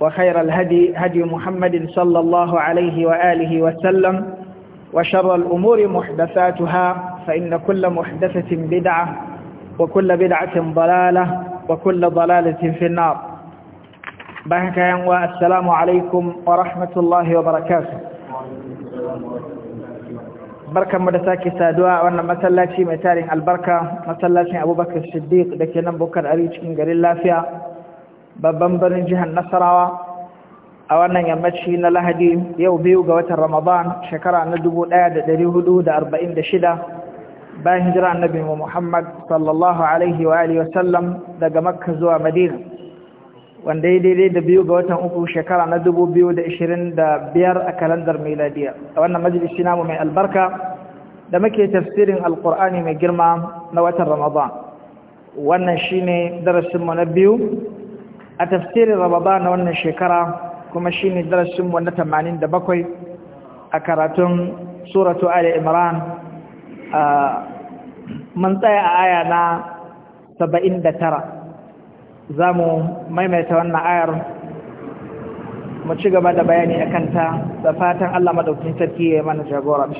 وخير الهدي هدي محمد صلى الله عليه وآله وسلم وشر الأمور محدثاتها فإن كل محدثة بدعة وكل بدعة ضلالة وكل ضلالة في النار بحكا ينوى السلام عليكم ورحمة الله وبركاته بركة مدساكي سادواء وانا شيء متارين البركة مثلا شيء أبو بكر الشديق لكي نبكر أريج إنجري الله فيها babban birnin jihar nasarawa a wannan yammaci na lahadi yau biyu ga watan ramadan shekara na 1446 bayan hijira annabi muhammad sallallahu alaihi wa alihi sallam daga makka zuwa madina wanda ya daidai da biyu ga watan uku shekara na 2025 a kalandar miladiya a wannan majalisi namu mai albarka da muke tafsirin alkur'ani mai girma na watan ramadan wannan shine darasinmu na biyu a tafsirin rababa na wannan shekara kuma shi ne darasinmu na tamanin da bakwai a karatun suratu ali imran man tsaya a aya na saba'in da tara za mu maimaita wannan ayar mu ci gaba da bayani a kanta da fatan allah maɗaukin sarki ya yi mana jagora da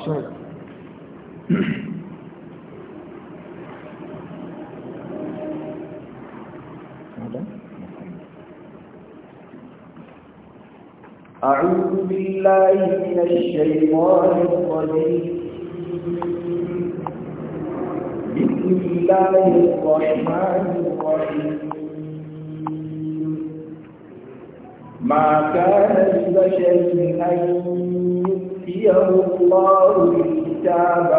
Thank أعوذ بالله من الشيطان الرجيم بسم الله الرحمن الرحيم ما كان لبشر أن يؤتيه الله الكتاب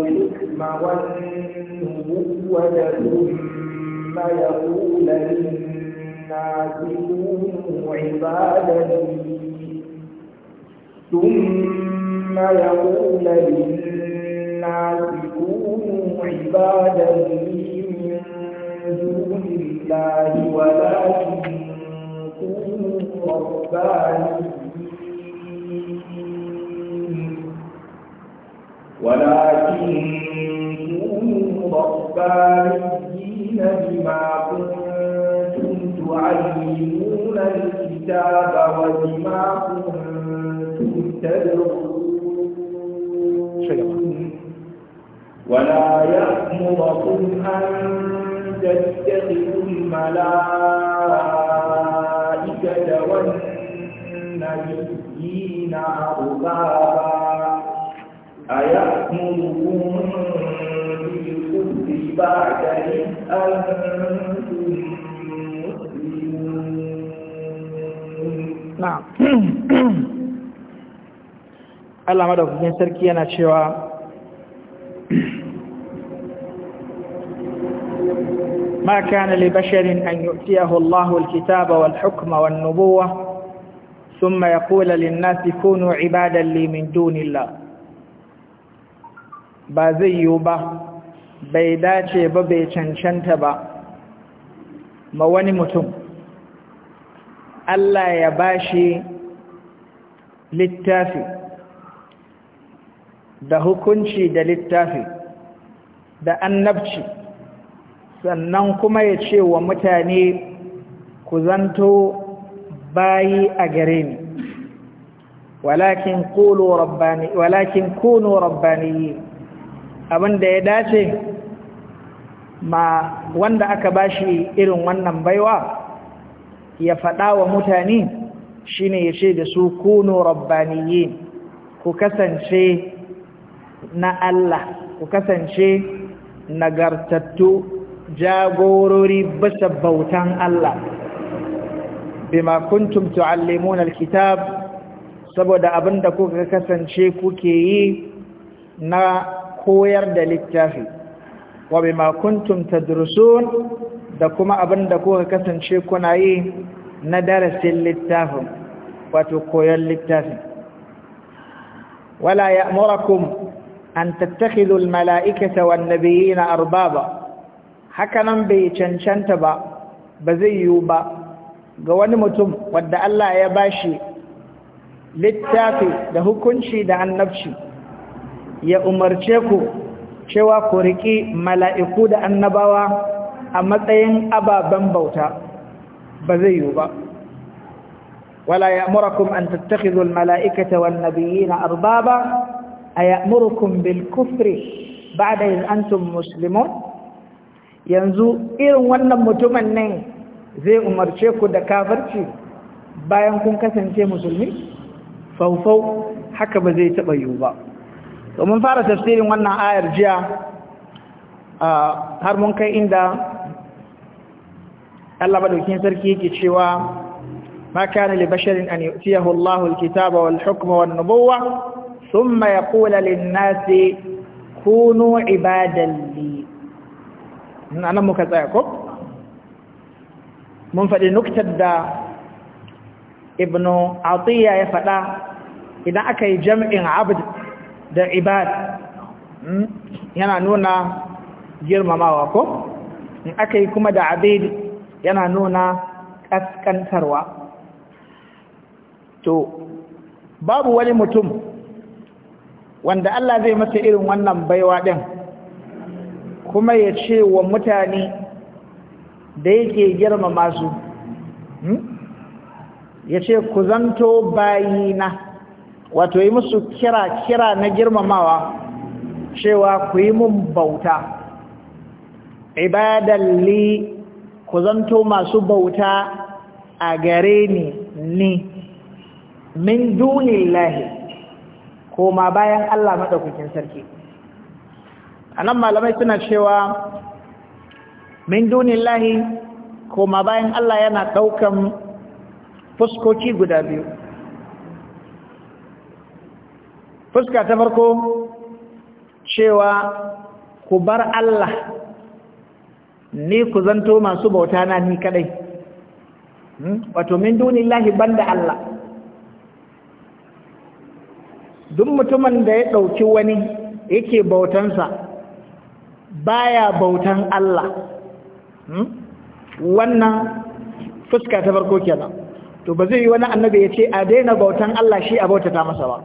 والحكم والنبوة ثم يقول للناس كونوا عبادا ثم يقول للناس كونوا عبادا لي من دون الله ولكن كونوا ربانيين ولكن كونوا ربانيين بما كنتم تعلمون الكتاب وبما كنتم ولا يأمركم أن تتخذوا الملائكة والنبيين أربابا أيأمركم بالكفر بعد إذ أنتم مسلمون نعم Allah da kusurin sarki yana cewa ma kana li basharin an yu'tiyahu Allahu al-kitaba wal-hukma wan-nubuwwa thumma yaqula lin-nasi kunu 'ibadan ba zai yi ba bai dace ba bai cancanta ba ma wani mutum Allah ya bashi littafi da hukunci da littafi da annabci sannan kuma ya ce wa mutane ku zanto bayi a gare ni walakin kuno rabbani rabbaniyi abinda ya dace ma wanda aka bashi irin wannan baiwa ya faɗa wa mutane shine ya ce da su kuno rabbaniyi ku kasance na Allah ku kasance nagartattu jagorori bisa bautan Allah bima kuntum tuallimuna alkitab saboda abinda kuka kasance kuke yi na koyar da littafi wa bima kuntum tadrusun da kuma abinda kuka kasance kuna yi na darasin littafin wato koyon littafi wala ya'murakum an tattakhidhu almala'ikata wan nabiyina arbaba hakanan bai cancanta ba ba zai yiwu ba ga wani mutum wadda Allah ya bashi littafi da hukunci da annabci ya umarce ku cewa ku riƙe mala'iku da annabawa a matsayin ababen bauta ba zai yiwu ba wala ya an tattakhidhu almala'ikata wan nabiyina arbaba ayamurukum bil kufri ba'da in antum muslimun yanzu irin wannan mutumin ne zai umarce ku da kafirci bayan kun kasance musulmi faufau haka ba zai taba yiwu ba to mun fara tafsirin wannan ayar jiya har mun kai inda Allah madaukin sarki yake cewa ma kana li basharin an yu'tiyahu Allahu alkitaba wal ثم يقول للناس كونوا عبادا لي أنا مكتعكم من فدي نكته دا ابن عطية يفدا إذا أكي جمع عبد دا عباد yana nuna girmamawa ko in aka yi kuma da abid yana nuna kaskantarwa to babu wani mutum wanda Allah zai masa irin wannan baiwa ɗin kuma ya ce wa mutane da yake girmama su hmm? ya ce ku zanto bayina wato yi musu kira-kira na girmamawa cewa ku yi mun bauta ibadalli ku zanto masu bauta a gare ni ni min dunillahi koma bayan Allah maɗaukakin sarki a nan malamai suna cewa min koma bayan Allah yana ɗaukan fuskoki guda biyu fuska ta farko cewa ku bar Allah ni ku zanto masu bauta na ni kadai hmm? wato min banda Allah duk mutumin da ya ɗauki wani yake bautansa baya bautan Allah hmm? wannan fuska ta farko kenan to ba zai yi wani annabi ya ce a daina bautan Allah shi a bautata masa ba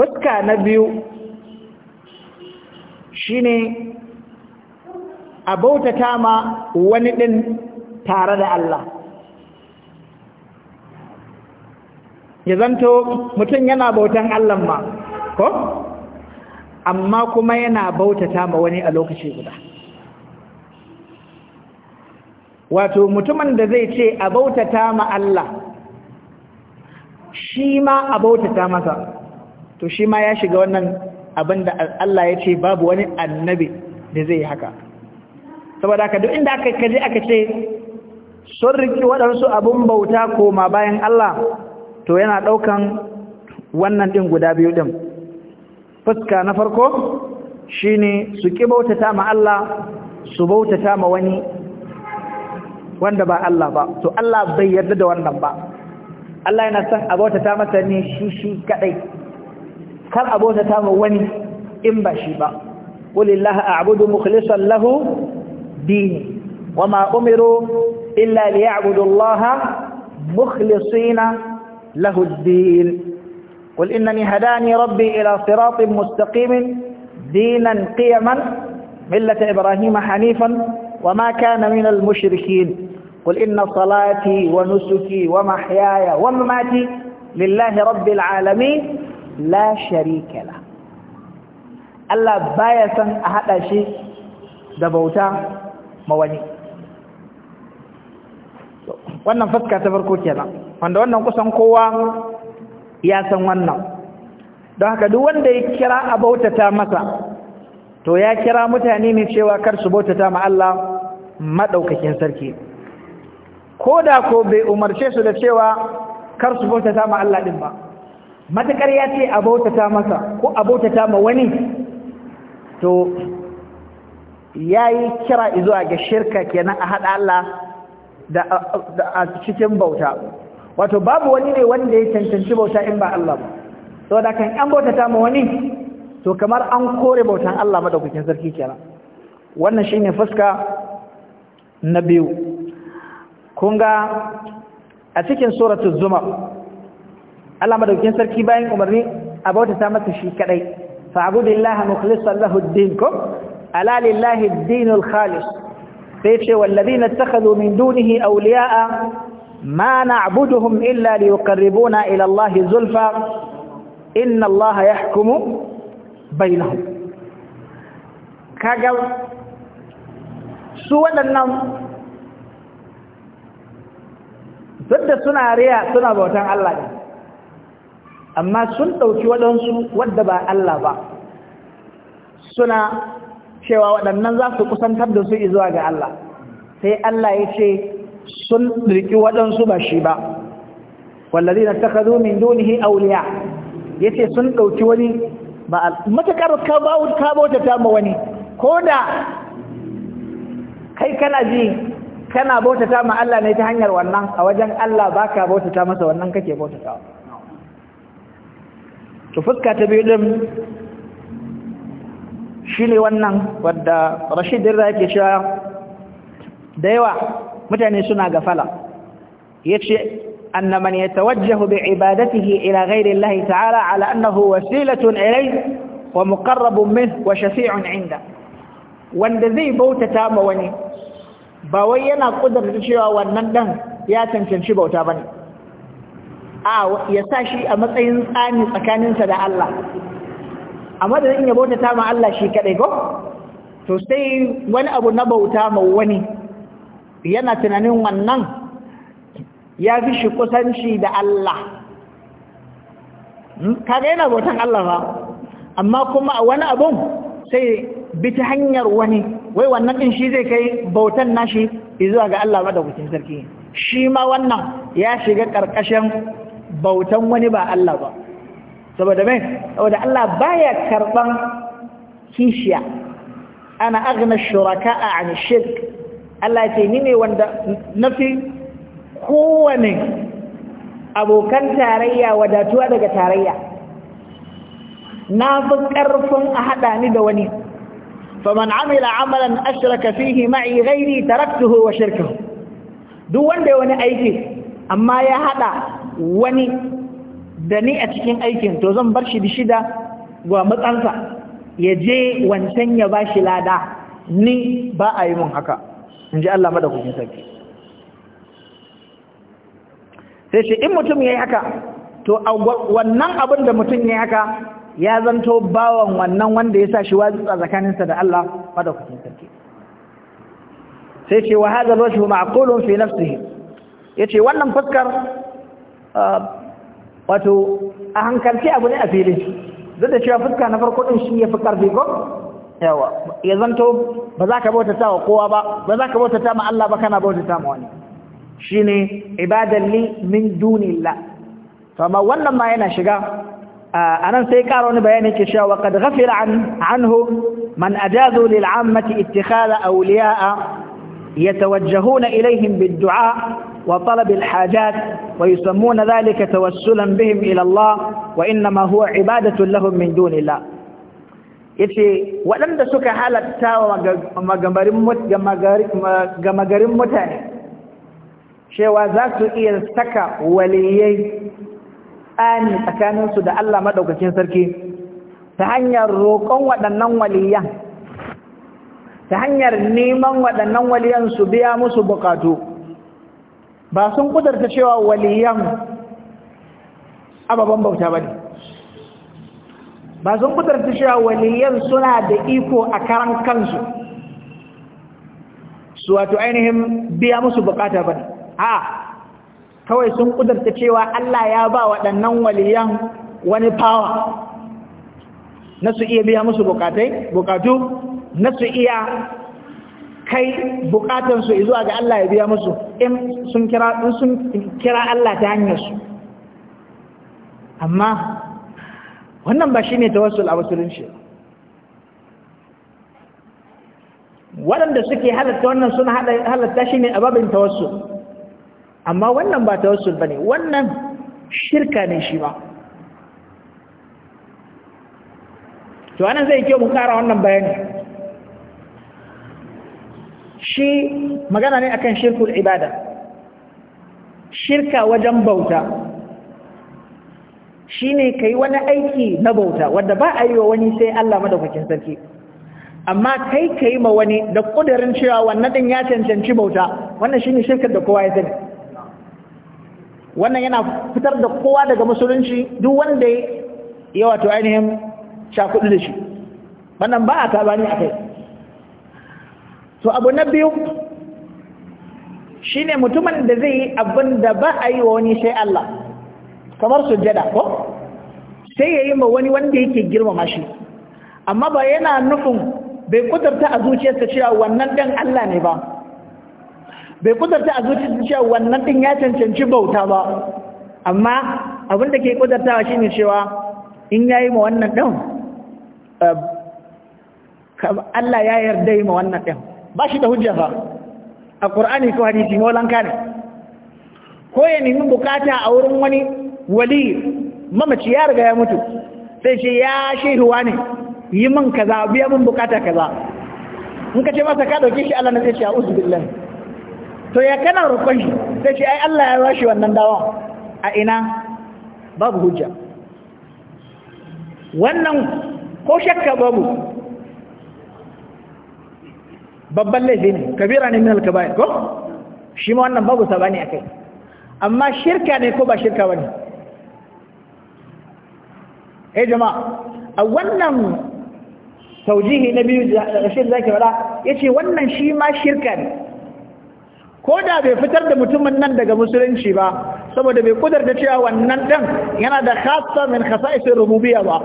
fuska na biyu shine a bautata ma wani ɗin tare da Allah ya zanto mutum yana bautan Allah ma ko amma kuma yana bautata ma wani a lokaci guda wato mutumin da zai ce a bautata ma Allah shi ma a bautata masa to shi ma ya shiga wannan abin da Allah ya ce babu wani annabi da zai haka saboda ka duk inda aka kaje aka ce sun riki waɗansu abin bauta koma bayan Allah to yana ɗaukan wannan ɗin guda biyu ɗin fuska na farko shine su ƙi bautata ma Allah su bautata ma wani wanda ba Allah ba to Allah bai yarda da wannan ba Allah yana san a bautata masa ne shi shi kadai kar a bautata ma wani in ba shi ba qulillahi a'budu mukhlishan lahu dini wama umiru illa liya'budu Allah mukhlisina له الدين قل إنني هداني ربي إلى صراط مستقيم دينا قيما ملة إبراهيم حنيفا وما كان من المشركين قل إن صلاتي ونسكي ومحياي ومماتي لله رب العالمين لا شريك له الله بايسا أحد شيء دبوتا مواني wannan fuska ta farko kenan wanda wannan kusan kowa ya san wannan don haka duk wanda ya kira a bautata masa to ya kira mutane ne cewa kar su bautata ma Allah madaukakin sarki ko da ko bai umarce su da cewa kar su bautata ma Allah din ba matakar ya ce a bautata masa ko a bautata ma wani to yayi kira izuwa ga shirka kenan a haɗa Allah da a cikin bauta wato babu wani ne wanda ya cancanci bauta in ba Allah ba saboda kan an bautata ma wani to kamar an kore bautan Allah madaukakin sarki kenan wannan shine fuska na biyu kun ga a cikin suratul zumar Allah madaukakin sarki bayan umarni a bautata masa shi kadai fa'budillaha mukhlishan lahu ddin din ko ala lillahi ddinul khalis sai ce wallazina takhadhu min dunihi awliya'a ma na'buduhum illa liyuqarribuna ila Allah zulfa inna Allah yahkumu bainahum kaga su waɗannan duk da suna riya suna bautan Allah ne amma sun ɗauki waɗansu wanda ba Allah ba suna cewa waɗannan za su kusantar da su zuwa ga Allah sai Allah ya ce sun riki waɗansu ba shi ba wallazi na ta kazo min dunihi auliya ya ce sun ɗauki wani ba matakar ka bauta ta ma wani ko da kai kana ji kana bauta ta ma Allah ne ta hanyar wannan a wajen Allah ba ka bauta masa wannan kake bauta ta ta biyu din shine wannan wadda Rashid Dirra yake cewa da yawa mutane suna gafala yace anna man yatawajjahu bi ibadatihi ila ghayri Allahi ta'ala ala annahu wasilatun ilay wa muqarrabun min wa shafi'un 'inda wanda zai bautata ma wani ba wai yana kudurta cewa wannan dan ya cancanci bauta bane a ya sa shi a matsayin tsami tsakaninsa da Allah a madadin in ya bautata ma Allah shi kadai ko to sai wani abu na bauta ma wani yana tunanin wannan ya fi shi kusanci da Allah hmm? kaga yana bautan Allah ba amma kuma a wani abu sai bi ta hanyar wani wai wannan din shi zai kai bautan nashi zuwa ga Allah da kucin sarki shi ma wannan ya shiga karkashin bautan wani ba Allah ba saboda mai saboda Allah baya karban kishiya ana agna shuraka a an shirk Allah ce ni ne wanda nafi kowane abokan tarayya wadatuwa daga tarayya na fi ƙarfin a haɗa ni da wani faman amila amalan ashraka fihi ma'i ghairi taraktuhu wa shirkahu duk wanda ya wani aiki amma ya haɗa wani da ni a cikin aikin to zan bar shi shida ga matsansa ya je wancan ya ba shi lada ni ba a yi mun haka in ji Allah madaukakin sarki sai shi in mutum ya yi haka to wannan abin da mutum ya yi haka ya zanto bawan wannan wanda ya sa shi wazi tsakaninsa da Allah madaukakin sarki sai ce wa hadha alwajhu ma'qulun fi nafsihi yace wannan fuskar uh, wato a hankalci abu ne a filin duk da cewa fuska na farko din shi ya fi karfi ko yawa ya zanto ba za ka bauta wa kowa ba ba za ka bautata ma Allah ba kana bautata ma wani shine ibadan li min dunillah to amma wannan ma yana shiga anan sai ƙara wani bayani ke cewa qad ghafira an anhu man ajazu lil ammati ittikhadha awliya'a yatawajjahuna ilayhim bid du'a وطلب الحاجات ويسمون ذلك توسلا بهم إلى الله وإنما هو عبادة لهم من دون الله yace waɗanda suka halatta wa gamagarin mutane cewa za su iya saka waliyai tsani tsakaninsu da Allah maɗaukakin sarki ta hanyar roƙon waɗannan waliyan ta hanyar neman waɗannan waliyan su biya musu buƙatu ba sun kudarta cewa waliyan ababen bauta ba ne ba sun kudarta cewa waliyan suna da iko a karan kansu su wato ainihin biya musu bukata ba ne a kawai sun kudarta cewa Allah ya ba waɗannan waliyan wani fawa na su iya biya musu bukatu na su iya kai bukatan su zuwa ga Allah ya biya musu in sun kira in sun kira Allah ta hanyar su amma wannan ba shine tawassul a shi waɗanda suke halatta wannan suna halatta shi ne a babin tawassul amma wannan ba tawassul ba ne wannan shirka ne shi ba to anan zai kyau mu kara wannan bayani shi magana ne akan shirkul ibada shirka wajen bauta shine kai wani aiki na bauta wanda ba a yi wa wani sai Allah madaukakin sarki amma kai kai ma wani da kudirin cewa wannan din ya cancanci bauta wannan shine shirkar da kowa ya sani wannan yana fitar da kowa daga musulunci duk wanda ya wato ainihin shakudu da shi wannan ba a tabani akai to abu na biyu shine mutumin da zai yi abin da ba a yi wa wani sai Allah kamar sujjada ko sai ya yi ma wani wanda yake girmama shi amma ba yana nufin bai kudurta a zuciyarsa cewa wannan ɗan Allah ne ba bai kudurta a zuciyarsa cewa wannan ɗin ya cancanci bauta ba amma abin da ke kudurtawa shine cewa in ya yi ma wannan ɗan eh, Allah ya yarda yi ma wannan ɗan ba shi da hujja ba a ƙur'ani ko hadisi maulanka ne ko ya nemi bukata a wurin wani wali mamaci ya riga ya mutu sai ce ya shehuwa ne yi min kaza biya min bukata kaza in ka ce masa ka dauke shi Allah na zai ce a uzu billah to ya kana rukun shi sai ce ai Allah ya shi wannan dawa a ina babu hujja wannan ko shakka babu babban laifi ne kabira ne min alkabair ko shi ma wannan babu sabani akai amma shirka ne ko ba shirka bane eh jama'a a wannan taujihi na biyu da shi zaki ya yace wannan shi ma shirka ne ko da bai fitar da mutumin nan daga musulunci ba saboda bai da cewa wannan dan yana da khassa min khasa'is rububiyya ba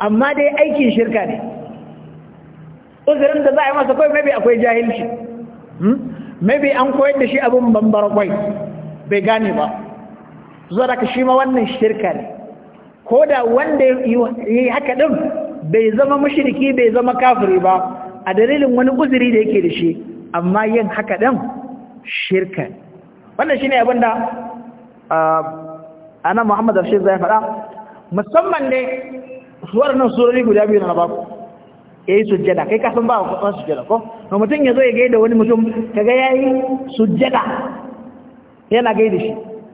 amma dai aikin shirka ne uzurin da za a yi masa kawai maybe akwai jahilci hmm? maybe an koyar da shi abin bambara kwai bai gane ba zuwa ka shi ma wannan shirka ne ko da wanda ya yi haka ɗin bai zama mashiriki bai zama kafiri ba a dalilin wani uzuri da yake da shi amma yin haka ɗin shirka ne wannan shi ne abin da ana muhammadu shi zai faɗa musamman ne suwar nan surori guda biyu na baku yayi sujjada kai ka san ba ku sujjada ko to mutum yazo ya gaida wani mutum kaga yayi sujjada yana gaida shi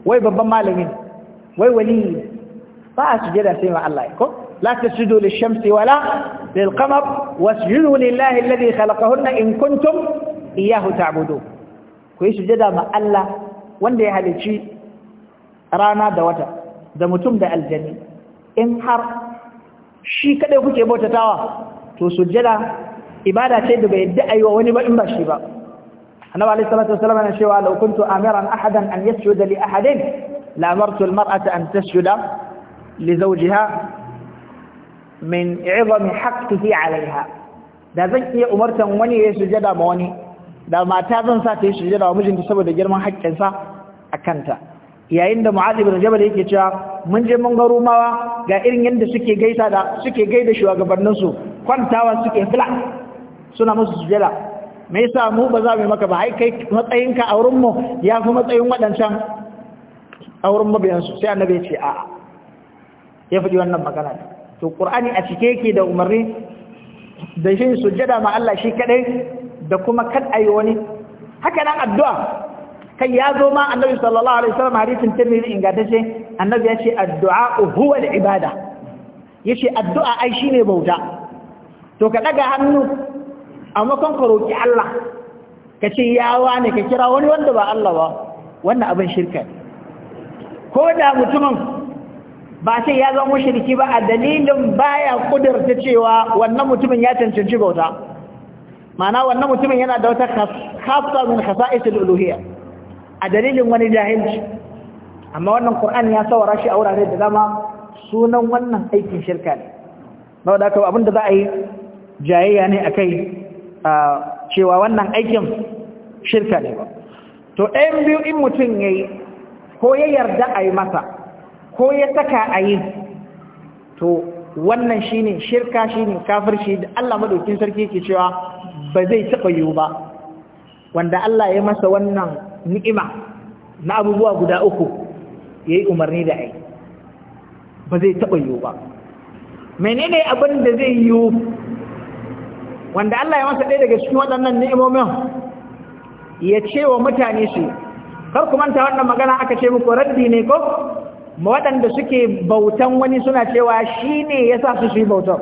wai babban malami wai wali ba sujjada sai ma Allah ko la tasjudu lish-shamsi wala lil-qamar wasjudu lillahi alladhi khalaqahunna in kuntum iyyahu ta'budun ku yi sujjada ma Allah wanda ya halici rana da wata da mutum da aljanni in har shi kadai kuke bautatawa to sujjada ibada ce da bai yadda ayi wani ba in ba shi ba annabi alayhi salatu wasallam yana cewa law kuntu amiran ahadan an yasjuda li ahadin la amartu al mar'ata an tasjuda li zawjiha min 'idami haqqihi 'alayha da zan iya umartan wani ya sujjada ma wani da mata zan sa ta yi sujjada wa mijinta saboda girman haƙƙinsa akanta kanta yayin da mu'adh ibn jabal yake cewa mun je mun ga rumawa ga irin yadda suke gaisa da suke gaida shugabannin su kwantawa suke fila suna musu sujada me yasa mu ba za mu maka ba ai kai matsayinka a wurin mu ya fi matsayin waɗancan a wurin mabiyansu sai annabi ya ce a'a ya faɗi wannan magana to qur'ani a cike yake da umarni da shi sujada ma Allah shi kadai da kuma kad ayi wani haka nan addu'a kai ya zo ma annabi sallallahu alaihi wasallam hadisin tirmidhi ingantacce annabi ya ce addu'a huwa al-ibada yace addu'a ai shine bauta to ka daga hannu a makon ka roki Allah ka ce yawa ne ka kira wani wanda ba Allah ba wannan abin shirka ko da mutumin ba sai ya zama mushriki ba a dalilin baya kudurta cewa wannan mutumin ya cancanci bauta ma'ana wannan mutumin yana da wata khassa min khasa'is al-uluhiyya a dalilin wani jahilci amma wannan Qur'ani ya sawara shi a wurare da dama sunan wannan aikin shirka ne ba da kawai abinda za a yi jayayya ne akai cewa wannan aikin shirka ne ba to ɗayan biyu in mutum ya yi ko ya yarda a yi masa ko ya saka a yi to wannan shi ne shirka shi ne kafirci da Allah maɗaukin sarki ke cewa ba zai taɓa yiwu ba wanda Allah ya masa wannan ni'ima na abubuwa guda uku ya yi umarni da ai ba zai taɓa yiwu ba menene abin da zai yiwu wanda Allah ya masa ɗaya daga cikin waɗannan ni'imomin ya ce wa mutane su kar ku manta wannan magana aka ce muku raddi ne ko ma waɗanda suke bautan wani suna cewa shi ne ya sa su shi bautan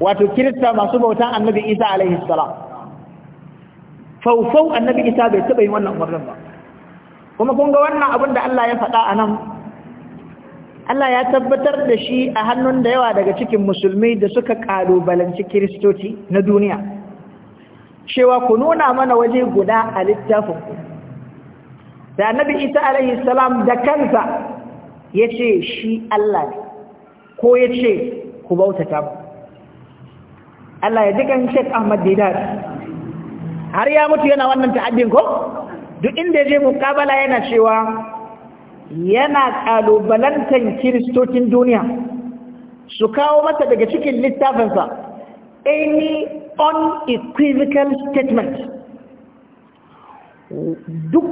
wato kirista masu bautan annabi isa alaihi salam faufau annabi isa bai taɓa yin wannan umarnin ba kuma kun ga wannan abin da Allah ya faɗa a nan Allah ya tabbatar da shi a hannun da yawa daga cikin musulmi da suka ƙalubalanci kiristoci na duniya cewa ku nuna mana waje guda a littafin da annabi isa alaihi salam da kansa ya ce shi Allah ne ko ya ce ku bautata Allah ya kan Sheikh Ahmad Didat har ya mutu yana wannan ta'addin ko duk inda je muƙabala yana cewa yana balantan kiristocin duniya su kawo masa daga cikin littafinsa any unequivocal statement duk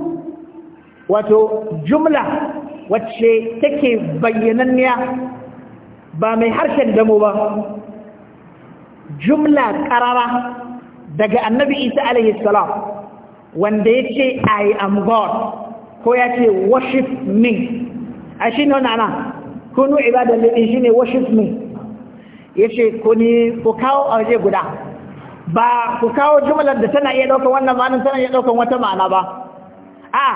wato jumla wacce take bayyananniya ba mai harshen damo ba jumla ƙarara daga annabi isa alayhi salam wanda ya ce i am god ko ya ce worship me a shi ne wani ana kunu ibadan lili shi ne worship me ya ce ku ni ku kawo a waje guda ba ku kawo jumlar da tana iya ɗaukar wannan ma'anar tana iya ɗaukar wata ma'ana ba a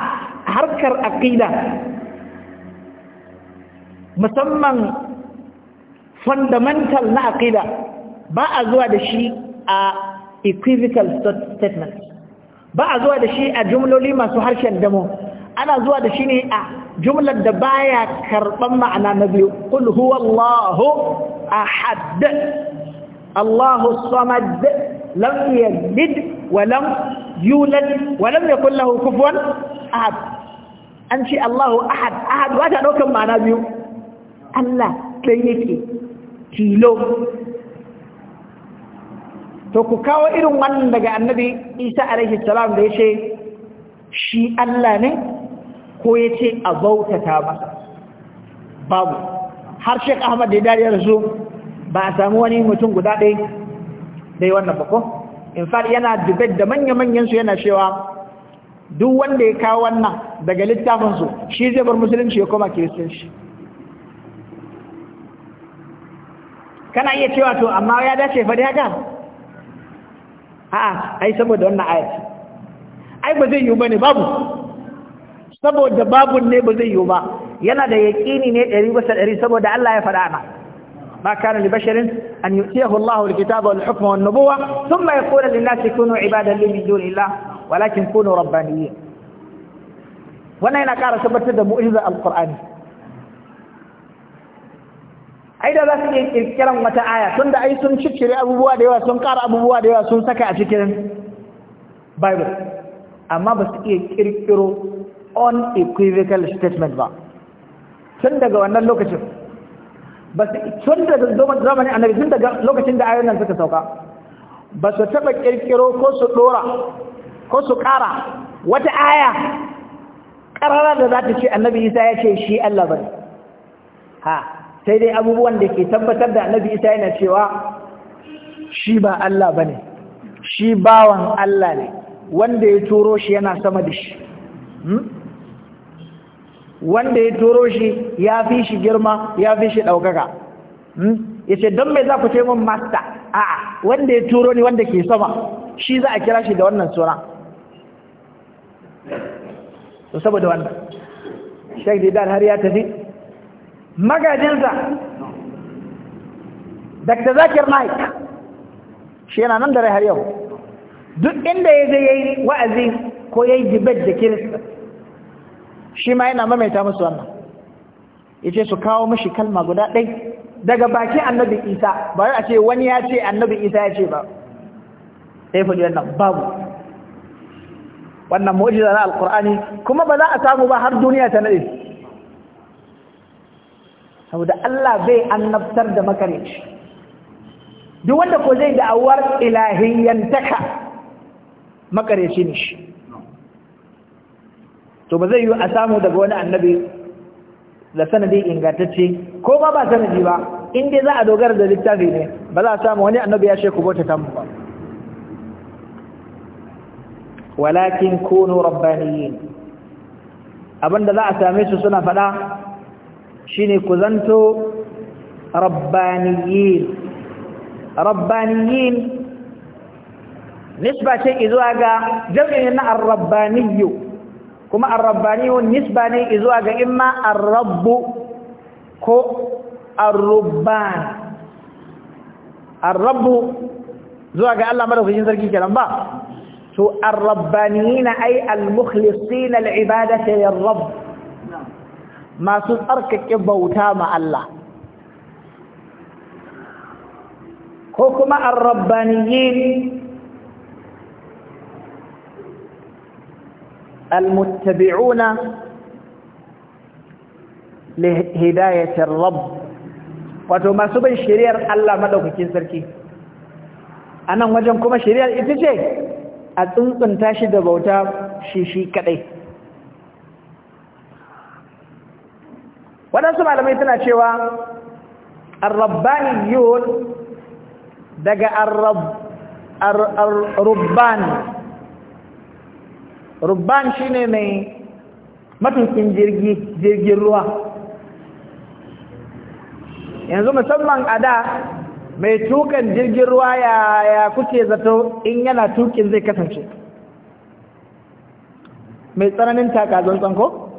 harkar aƙida musamman fundamental na aƙida ba a zuwa da shi a equivocal statement ba a zuwa da shi a jumloli masu harshen damo ana zuwa da shi ne a jumlar da baya karban ma'ana na biyu qul huwallahu ahad Allahu samad lam yalid wa lam yulad wa lam yakul lahu kufuwan ahad an ce Allahu ahad ahad wata daukan ma'ana biyu Allah ɗaya yake tilo to ku kawo irin wannan daga annabi isa alaihi salam da ya ce shi Allah ne ko ya ce a bautata masa babu har shek ahmad da ya da su ba a samu wani mutum guda ɗai da yi wannan bako in fari yana dubai da manya-manyan su yana cewa duk wanda ya kawo wannan daga littafinsu shi zai bar musulunci ya koma kiristanci kana iya cewa to amma ya dace faɗi haka ai saboda wannan ai ba zai babu saboda ne ba zai ba yana da yaqini ne 100% saboda Allah ya ما كان لبشر أن يؤتيه الله الكتاب والحكم والنبوة ثم يقول للناس كونوا عبادا لي من دون الله ولكن كونوا ربانيين وانا هنا كان ثبت ده مؤجزة القرآن ai da za su iya kirkiran wata aya tun da ai sun cikire abubuwa da yawa sun ƙara abubuwa da yawa sun saka a cikin bible amma ba su iya kirkiro unequivocal statement ba tun daga wannan lokacin ba su tun daga zamani annabi tun daga lokacin da ayoyin nan suka sauka ba su taɓa kirkiro ko su ɗora ko su ƙara wata aya ƙarara da za ta ce annabi isa ya ce shi allah ba ha sai dai abubuwan da ke tabbatar da annabi isa yana cewa shi ba Allah ba ne shi bawan Allah ne wanda ya turo shi yana sama da shi hmm? wanda ya turo shi ya fi shi girma ya fi shi ɗaukaka hmm? ya ce don mai za ku ce mun masta a'a wanda ya turo ni wanda ke sama shi za a kira shi da wannan suna saboda wannan shaikh har ya tafi magajinsa Dr. Zakir Naik shi yana nan da rai har yau duk inda ya zai yayi wa'azi ko yayi debate da Kirista shi ma yana mamaita musu wannan ya ce su kawo mashi kalma guda ɗai daga baki Annabi Isa ba a ce wani ya ce Annabi Isa ya ce ba sai fa wannan babu wannan mu'jiza na Alqur'ani kuma ba za a samu ba har duniya ta nade saboda Allah bai annabtar da makareci duk wanda ko zai da'awar ilahiyyantaka makareci ne shi to ba zai yi a samu daga wani annabi da sanadi ingantacce ko ba ba sanadi ba in dai za a dogara da littafi ne ba za a samu wani annabi ya sheku bauta tamu ba walakin kunu rabbaniyin abinda za a same su suna fada shine ku zanto rabbaniyin rabbaniyin nisba ce zuwa ga jami'in na ar-rabbaniyyu kuma ar-rabbaniyyu nisba ne zuwa ga imma ar-rabb ko ar-rubban ar-rabb zuwa ga Allah madaukakin sarki kenan ba to ar-rabbaniyina ay al-mukhlisina al-ibadati lir-rabb masu tsarkake bauta ma Allah ko kuma ar-rabbaniyin al-muttabi'una li hidayati rabb wato masu bin shari'ar Allah madaukakin sarki anan wajen kuma shari'ar ita ce a tsuntsunta shi da bauta shi shi kadai waɗansu malamai suna cewa arrabbaniyun daga arrubban rubban shine mai matukin jirgin ruwa yanzu musamman a da mai tukan jirgin ruwa ya kuke zato in yana tukin zai kasance mai tsananin takazon tsanko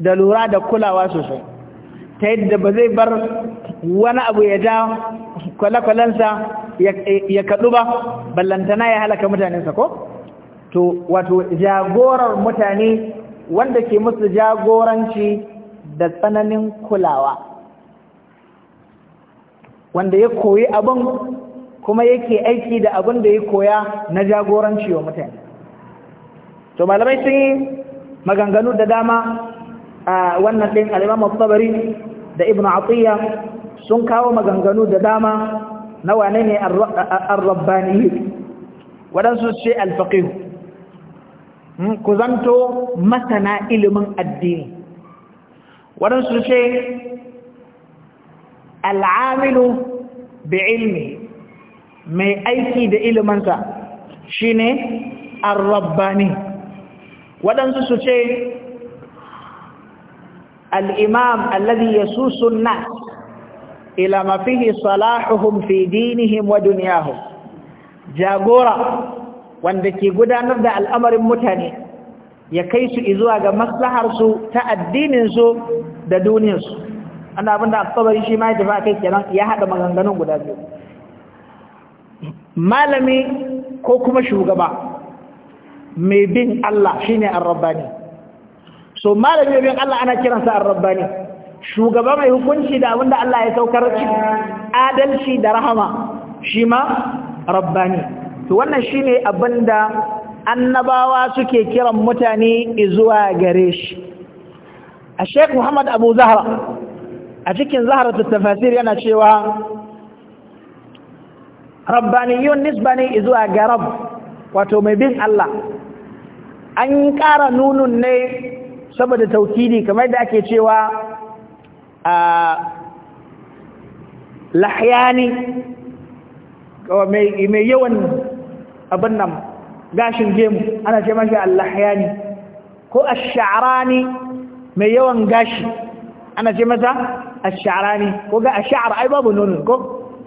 da lura da kulawa sosai ta yadda ba zai bar wani abu ya ja kwalakwalansa ya kaɗu ba ballantana ya halaka mutanensa ko? to wato jagorar mutane wanda ke musu jagoranci da tsananin kulawa wanda ya koyi abin kuma yake aiki da abin da ya koya na jagoranci wa mutane to malamai sun yi maganganu da dama wannan ɗin al'imam tabari da ibn atiyya sun kawo maganganu da dama na wane ne ar-rabbani waɗansu ce alfaqihu hmm, ku zanto masana ilimin addini waɗansu ce al'amilu bi ilmi mai aiki da ilimansa shine ar-rabbani waɗansu su ce الإمام الذي يسوس الناس إلى ما فيه صلاحهم في دينهم ودنياهم جاغورا واندكي قدا نبدأ الأمر المتاني يكيس إزواج مصلحة رسو تأدين رسو ددوني رسو أنا أبدا الطبري شي ما يتفاع كيس يا هذا مغنغنون قدا بيو malami ko kuma shugaba mai bin Allah shine ar-rabbani so malamin bin Allah ana kiransa ar ne shugaba mai hukunci da abinda Allah ya saukar adalci da rahama shi ma ne. to wannan shine abinda annabawa suke kiran mutane izuwa gare shi a Sheikh Muhammad Abu Zahra a cikin Zahratu Tafasir yana cewa rabbaniyun nisbani zuwa ga rabb wato mai bin Allah an ƙara nunun ne saboda taukidi kamar da ake cewa a lahyani mai yawan abin nan gashin gemu ana ce mashi al-lahyani ko ash-sha'rani mai yawan gashi ana ce mata ash-sha'rani ko ga ash-sha'r ai babu nonon ko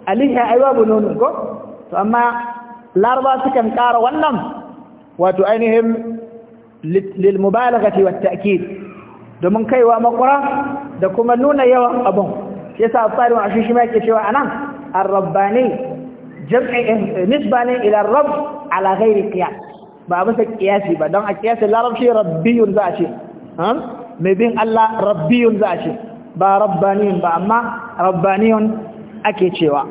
aliha ai babu nonon ko to amma larba sukan ƙara wannan wato ainihin lil mubalaghati wat ta'kid domin kaiwa makura da kuma nuna yawan abun yasa tsarin ashe shi ma yake cewa anan ar-rabbani jam'i eh, nisba ne ila ar-rabb ala ghairi qiyas ba bisa qiyasi ba don a qiyasi larabci rabbiyun za a ce mai bin Allah rabbiyun za a ce ba rabbaniyun ba amma rabbaniyun ake cewa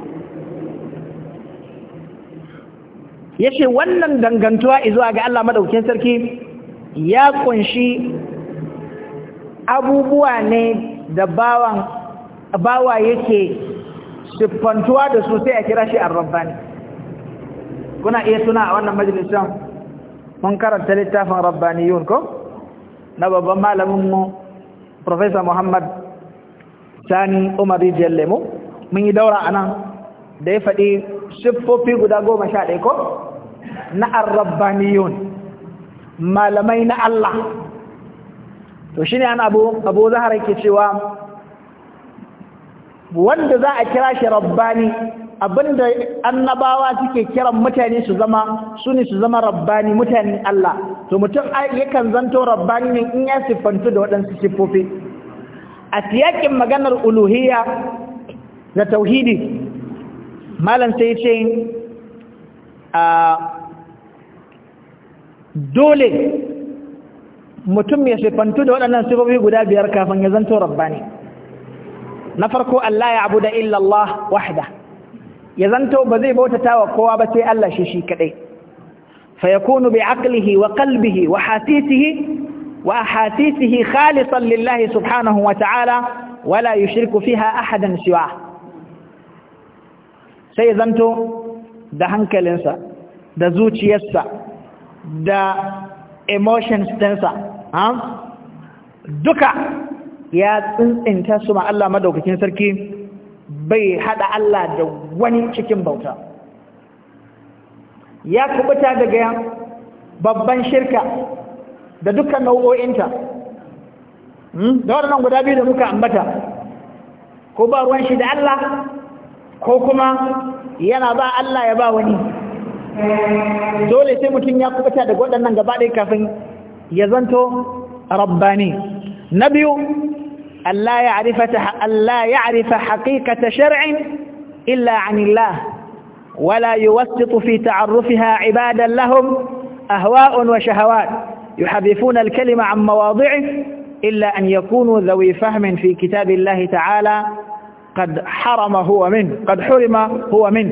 yace wannan dangantuwa izuwa ga Allah madaukakin sarki ya kunshi abubuwa ne da bawan bawa yake siffantuwa da su sai a kira shi ar-rabbani kuna iya tuna a wannan majalisar mun karanta littafin rabbaniyun ko na babban malamin mu professor Muhammad Sani Umar Lemu mun yi daura anan da ya faɗi siffofi guda goma sha ɗaya ko na ar-rabbaniyun malamai na Allah to shi ne an abu abu zahar ke cewa wanda za a kira shi rabbani abinda annabawa suke kiran mutane su zama su ne su zama rabbani mutanen Allah to mutum yakan zanto rabbani ne in ya siffantu da waɗansu siffofi a tiyakin maganar uluhiyya da tauhidi malam sai ce a ah, dole mutum ya sifantu da waɗannan sifofi guda biyar kafin ya zanto rabbani na farko Allah ya abu da illallah wahda ya zanto ba zai bautata wa kowa ba sai Allah shi shi kadai yakunu bi aqlihi wa qalbihi wa hasisihi wa hasisihi khalisan lillahi subhanahu wa ta'ala wala yushriku fiha ahadan siwa sai zanto da hankalinsa da zuciyarsa da emotions ɗinsa duka ya tsintsinta su ma Allah madaukakin sarki bai hada Allah da wani cikin bauta ya kubuta daga babban shirka da dukkan nau'o'inta hmm? da waɗannan guda biyu da muka ambata ko ba ruwan shi da Allah ko kuma yana ba Allah ya ba wani dole sai mutum ya kubuta daga waɗannan gaba ɗaya kafin ya zanto rabbani na biyu Allah ya arifa haqiqata shar'in illa anillah wala yuwassitu fi ta'arrufiha ibadan lahum ahwa'un wa shahawat yuhadifuna al-kalima an mawadi'ihi illa an yakunu ذوي fahmin fi kitabillahi ta'ala qad harama huwa min qad قد huwa min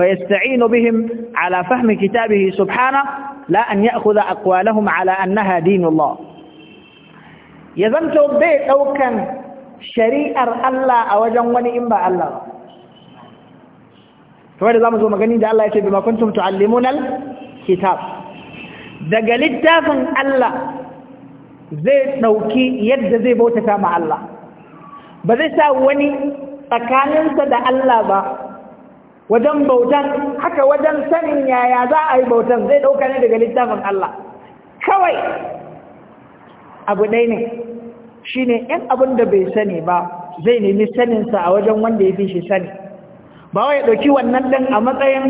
فيستعين بهم على فهم كتابه سبحانه لا أن يأخذ أقوالهم على أنها دين الله يزمتوا بيت أو كان شريئة الله أو جنواني إما الله فقال الله مزوما قنين الله يتبع بما كنتم تعلمون الكتاب ذقل التافن الله زيت نوكي يد زي بوتك مع الله بذي ساواني تكاننس دا الله بأ wajen bautan haka wajen sanin yaya za a yi bautan zai ɗauka ne daga littafin Allah kawai abu ɗai ne shi ne ‘yan abin da bai sani ba zai nemi saninsa a wajen wanda ya fi shi sani ba wai ya ɗauki wannan ɗin a matsayin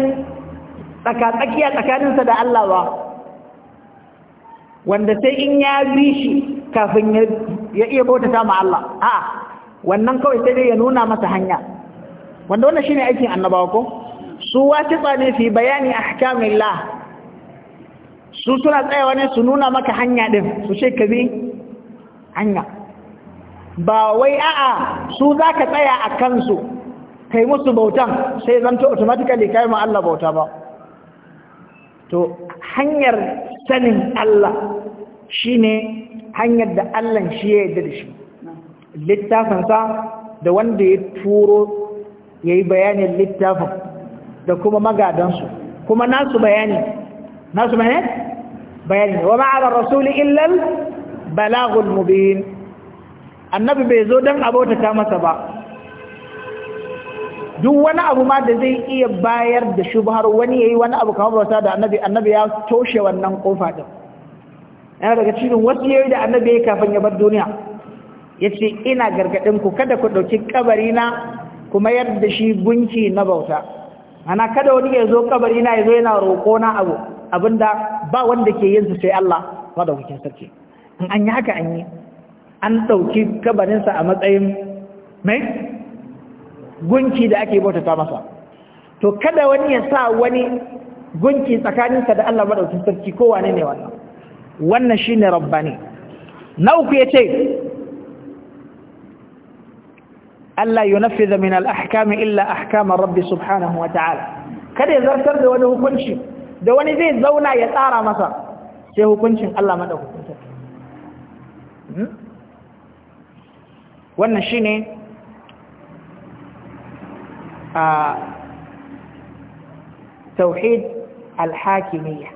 tsakatsakiya tsakaninsa da Allah ba wanda sai in ya bi shi kafin ya iya bautata ma Allah a wannan kawai sai dai ya nuna masa hanya wanda wannan shine aikin annabawa ko su watsa ne fi bayani ahkamillah su suna tsayawa ne su nuna maka hanya din su ce ka hanya ba wai a'a su zaka tsaya a kansu kai musu bautan sai zanto automatically kai ma Allah bauta ba to hanyar sanin Allah shine hanyar da Allah shi ya yarda da shi littafinsa da wanda ya turo ya yi bayanin littafin da kuma magadansu kuma nasu bayani nasu bayani bayani wa ma'ala rasuli illal balagul mubin annabi bai zo don abota masa ba duk wani abu ma da zai iya bayar da shubhar wani yayi wani abu kamar wasa da annabi annabi ya toshe wannan kofa din yana daga cikin wasu yayi da annabi ya kafin ya bar duniya yace ina gargadin ku kada ku dauki kabari na kuma yadda shi gunki na bauta ana kada wani ya zo kabari na ya zo yana roko na abu abinda ba wanda ke yin su sai Allah madaukakin sarki in an yi haka an yi an ɗauki sa a matsayin mai gunki da ake bautata masa to kada wani ya sa wani gunki tsakaninsa da Allah madaukakin sarki kowa ne ne wannan wannan shine rabbani na uku yace ألا ينفذ من الأحكام إلا أحكام الرب سبحانه وتعالى كده يزرسل دوانه كنش دواني ذي زونا يتارى مصر سيهو كنش الله ما دوه كنش والنشيني آه، توحيد الحاكمية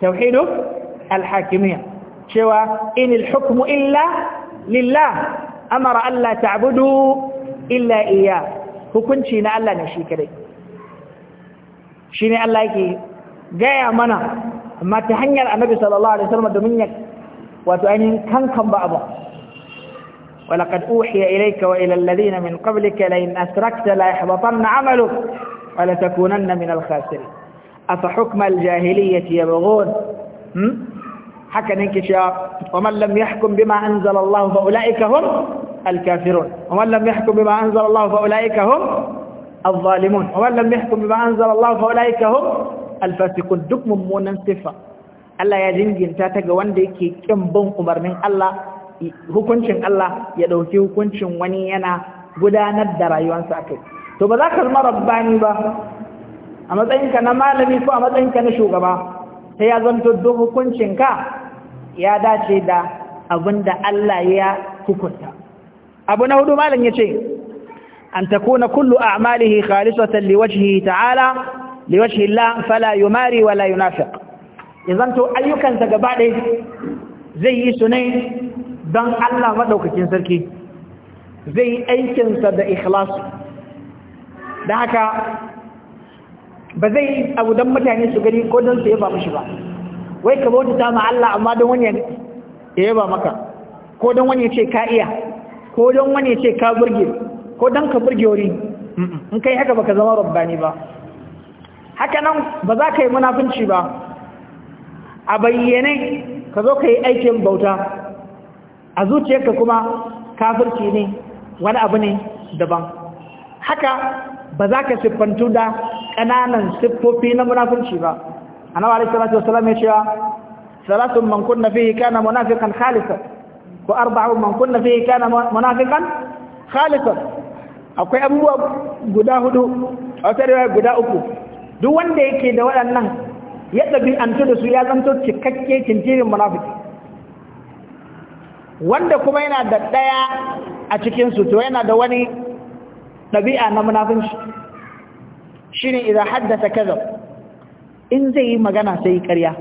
توحيد الحاكمية شوى إن الحكم إلا لله أمر ألا تعبدوا illa iya hukunci na Allah ne shi kadai shi ne Allah yake gaya mana amma ta hanyar annabi sallallahu alaihi wasallam domin ya wato ainihin kankan ba abu ولقد أوحي إليك وإلى الذين من قبلك لئن أسركت لا يحبطن عملك ولتكونن من الخاسرين أفحكم الجاهلية يبغون حكى ننكشا ومن لم يحكم بما أنزل الله فأولئك هم الكافرون ومن لم يحكم بما أنزل الله فأولئك هم الظالمون ومن لم يحكم بما أنزل الله فأولئك هم الفاسقون دك ممونا صفة Allah ya jinginta ta ga wanda yake kin bin umarnin Allah hukuncin Allah ya ɗauki hukuncin wani yana gudanar da rayuwarsa akai to ba za ka zama rabbani ba a matsayinka na malami ko a matsayinka na shugaba sai ya zanto duk hukuncinka ya dace da da Allah ya hukunta abu na hudu malam ce, an takuna kullu a a'malihi khalisatan liwajhihi ta'ala liwajhi Allah fala yumari wala yunafiq idan to ayyukan sa gaba ɗaya zai yi su ne don Allah madaukakin sarki zai yi aikin sa da ikhlas da haka ba zai abu don mutane su gani ko don su yaba mishi ba wai ka bauta ta ma Allah amma don wani ya yaba maka ko don wani ya ce ka iya ko don wani ce ka burge ko don ka burge wuri in kai haka baka zama rabbani ba haka nan ba za ka yi munafunci ba a bayyane ka zo ka yi aikin bauta a zuciyarka kuma kafirci ne wani abu ne daban haka ba za ka siffantu da ƙananan siffofi na munafunci ba a nawa alaihi salatu salam ya cewa salatun man kunna fihi kana munafiqan khalisa Ko arba'u man kunna فيه kana munafiqan خالصا akwai abubuwa guda hudu a wata riwaya guda uku duk wanda yake da waɗannan ya an da su ya zanto cikakke kintirin munafiki wanda kuma yana da ɗaya a cikinsu to yana da wani ɗabi'a na munafinci shine idan haddasa kaza in zai yi magana sai yi ƙarya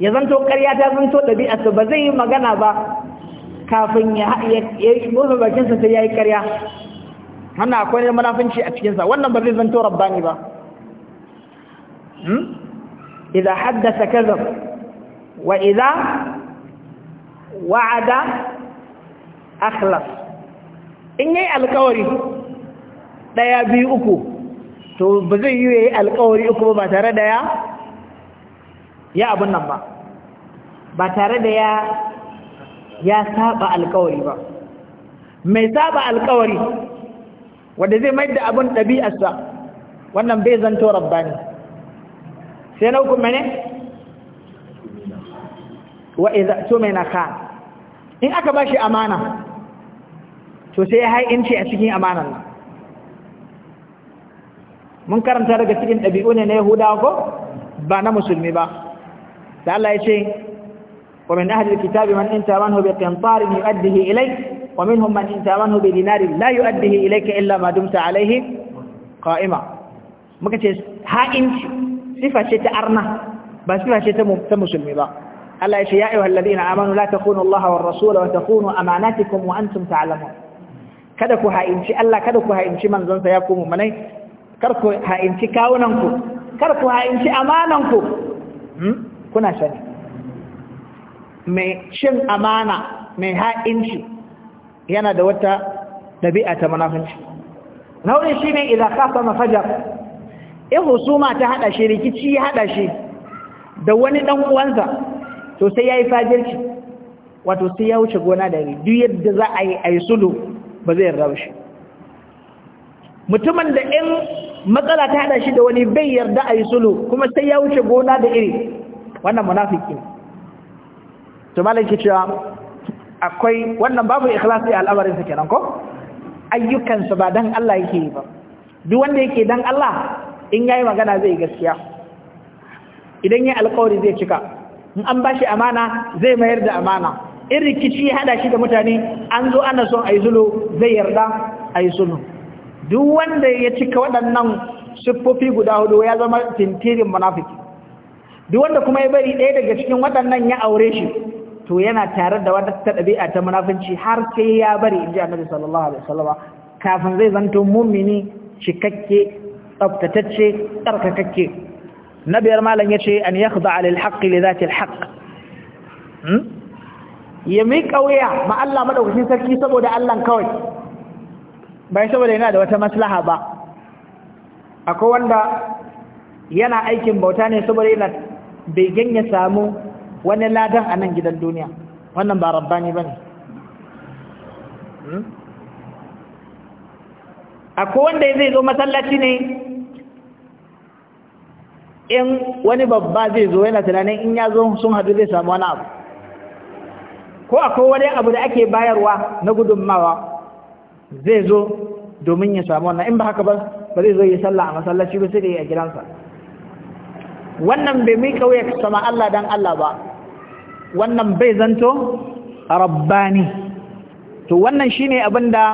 ya zanto ƙarya ta zanto ɗabi'arsa ba zai yi magana ba kafin ya motsa bakinsa sai ya yi karya hana akwai ne munafunci a cikinsa wannan ba zai zanto rabbani ba hmm? idan haddasa kaza wa idan wa'ada akhlas in yi alkawari ɗaya biyu uku to ba zai yi ya yi alkawari uku ba tare da ya ya abin nan ba ba tare da ya ya saba alkawari ba mai saba alkawari wanda zai mai da abin ɗabi'arsa wannan bai zanto rabbani sai na hukume mene wa iza tumina ka in aka bashi amana to sai ya haiinci a cikin amanar nan mun karanta daga cikin ɗabi'u ne na yahudawa ko ba na musulmi ba da Allah ya ce ومن أهل الكتاب من إن تأمنه بقنطار يؤديه إليك ومنهم من إن تأمنه بدينار لا يؤديه إليك إلا ما دمت عليه قائما مكتش ها إنت صفة تأرنا بس صفة تمسلمي بقى ألا يا أيها الذين آمنوا لا تخونوا الله والرسول وتخونوا أماناتكم وأنتم تعلمون كدكو ها إنت ألا كدكو ها إنت من ya ku مني كركو ها إنت kawunanku كركو ها إنت أمانكم كنا شريك mai shin amana mai ha'inci yana da wata ɗabi'a ta munafunci nauyin shi ne idan kafa mafajar in husuma ta haɗa shi rikici ya haɗa shi da wani ɗan uwansa to sai ya yi fajirci wato sai ya wuce gona da duk yadda za a yi a yi sulu ba zai yarda shi mutumin da in matsala ta haɗa shi da wani bai yarda a yi sulu kuma sai ya wuce gona da iri wannan munafiki ne to malaki cewa akwai wannan babu ikhlasi al'amarin sa kenan ko Ayyukansa ba dan Allah yake yi ba duk wanda yake dan Allah in yayi magana zai gaskiya idan yayi alƙawari zai cika in an bashi amana zai mayar da amana in rikici ya hada shi da mutane an zo ana son ayi zulu zai yarda ayi zulu. duk wanda ya cika waɗannan siffofi guda hudu ya zama tintirin munafiki duk wanda kuma ya bari ɗaya daga cikin waɗannan ya aure shi to yana tare da wata ta ɗabi'a ta munafunci har sai ya bari inji annabi sallallahu alaihi wasallam kafin zai zanto mumini cikakke tsaftatacce tsarkakakke na biyar malam yace an yakhda lil haqq li dhati al haqq ya mai kauya ma Allah madaukakin sarki saboda Allah kawai bai saboda yana da wata maslaha ba akwai wanda yana aikin bauta ne saboda yana bai ganye samu wani ladan a nan gidan duniya wannan ba rabbani ba ne hmm? akwai wanda zai zo masallaci ne in wani babba zai zo yana tunanin in ya zo sun hadu zai samu wani abu ko akwai wani abu da ake bayarwa na gudunmawa zai zo domin ya samu wannan in ba haka ba ba zai zo yi sallah a masallaci ba sai da yi a gidansa wannan bai mika wuyar sama Allah dan Allah ba wannan bai zanto rabbani to wannan shine abinda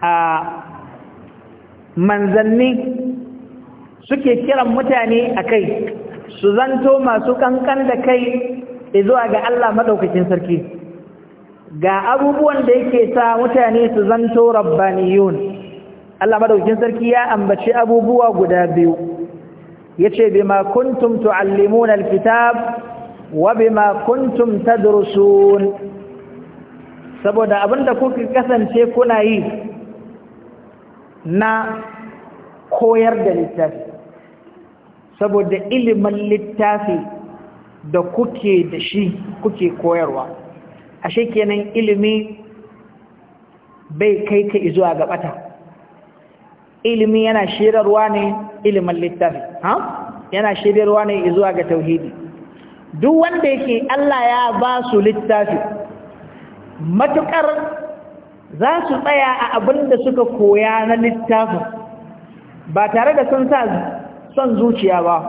a manzanni suke kiran mutane akai su zanto masu kankan da kai zuwa ga Allah madaukakin sarki ga abubuwan da yake sa mutane su zanto rabbaniyun Allah madaukakin sarki ya ambaci abubuwa guda biyu yace bima kuntum tuallimuna alkitab وبما kuntum tadrusun saboda abinda kuka kasance kuna yi na koyar da littafi saboda ilimin littafi da kuke da shi kuke koyarwa ashe kenan ilimi bai kai ka zuwa ga bata ilimi yana shirarwa ne ilimin littafi ha yana shirarwa ne zuwa ga tauhidi duk wanda yake Allah ya ba su littafi matukar za su tsaya a abin da suka koya na littafin ba tare da sun sa son zuciya ba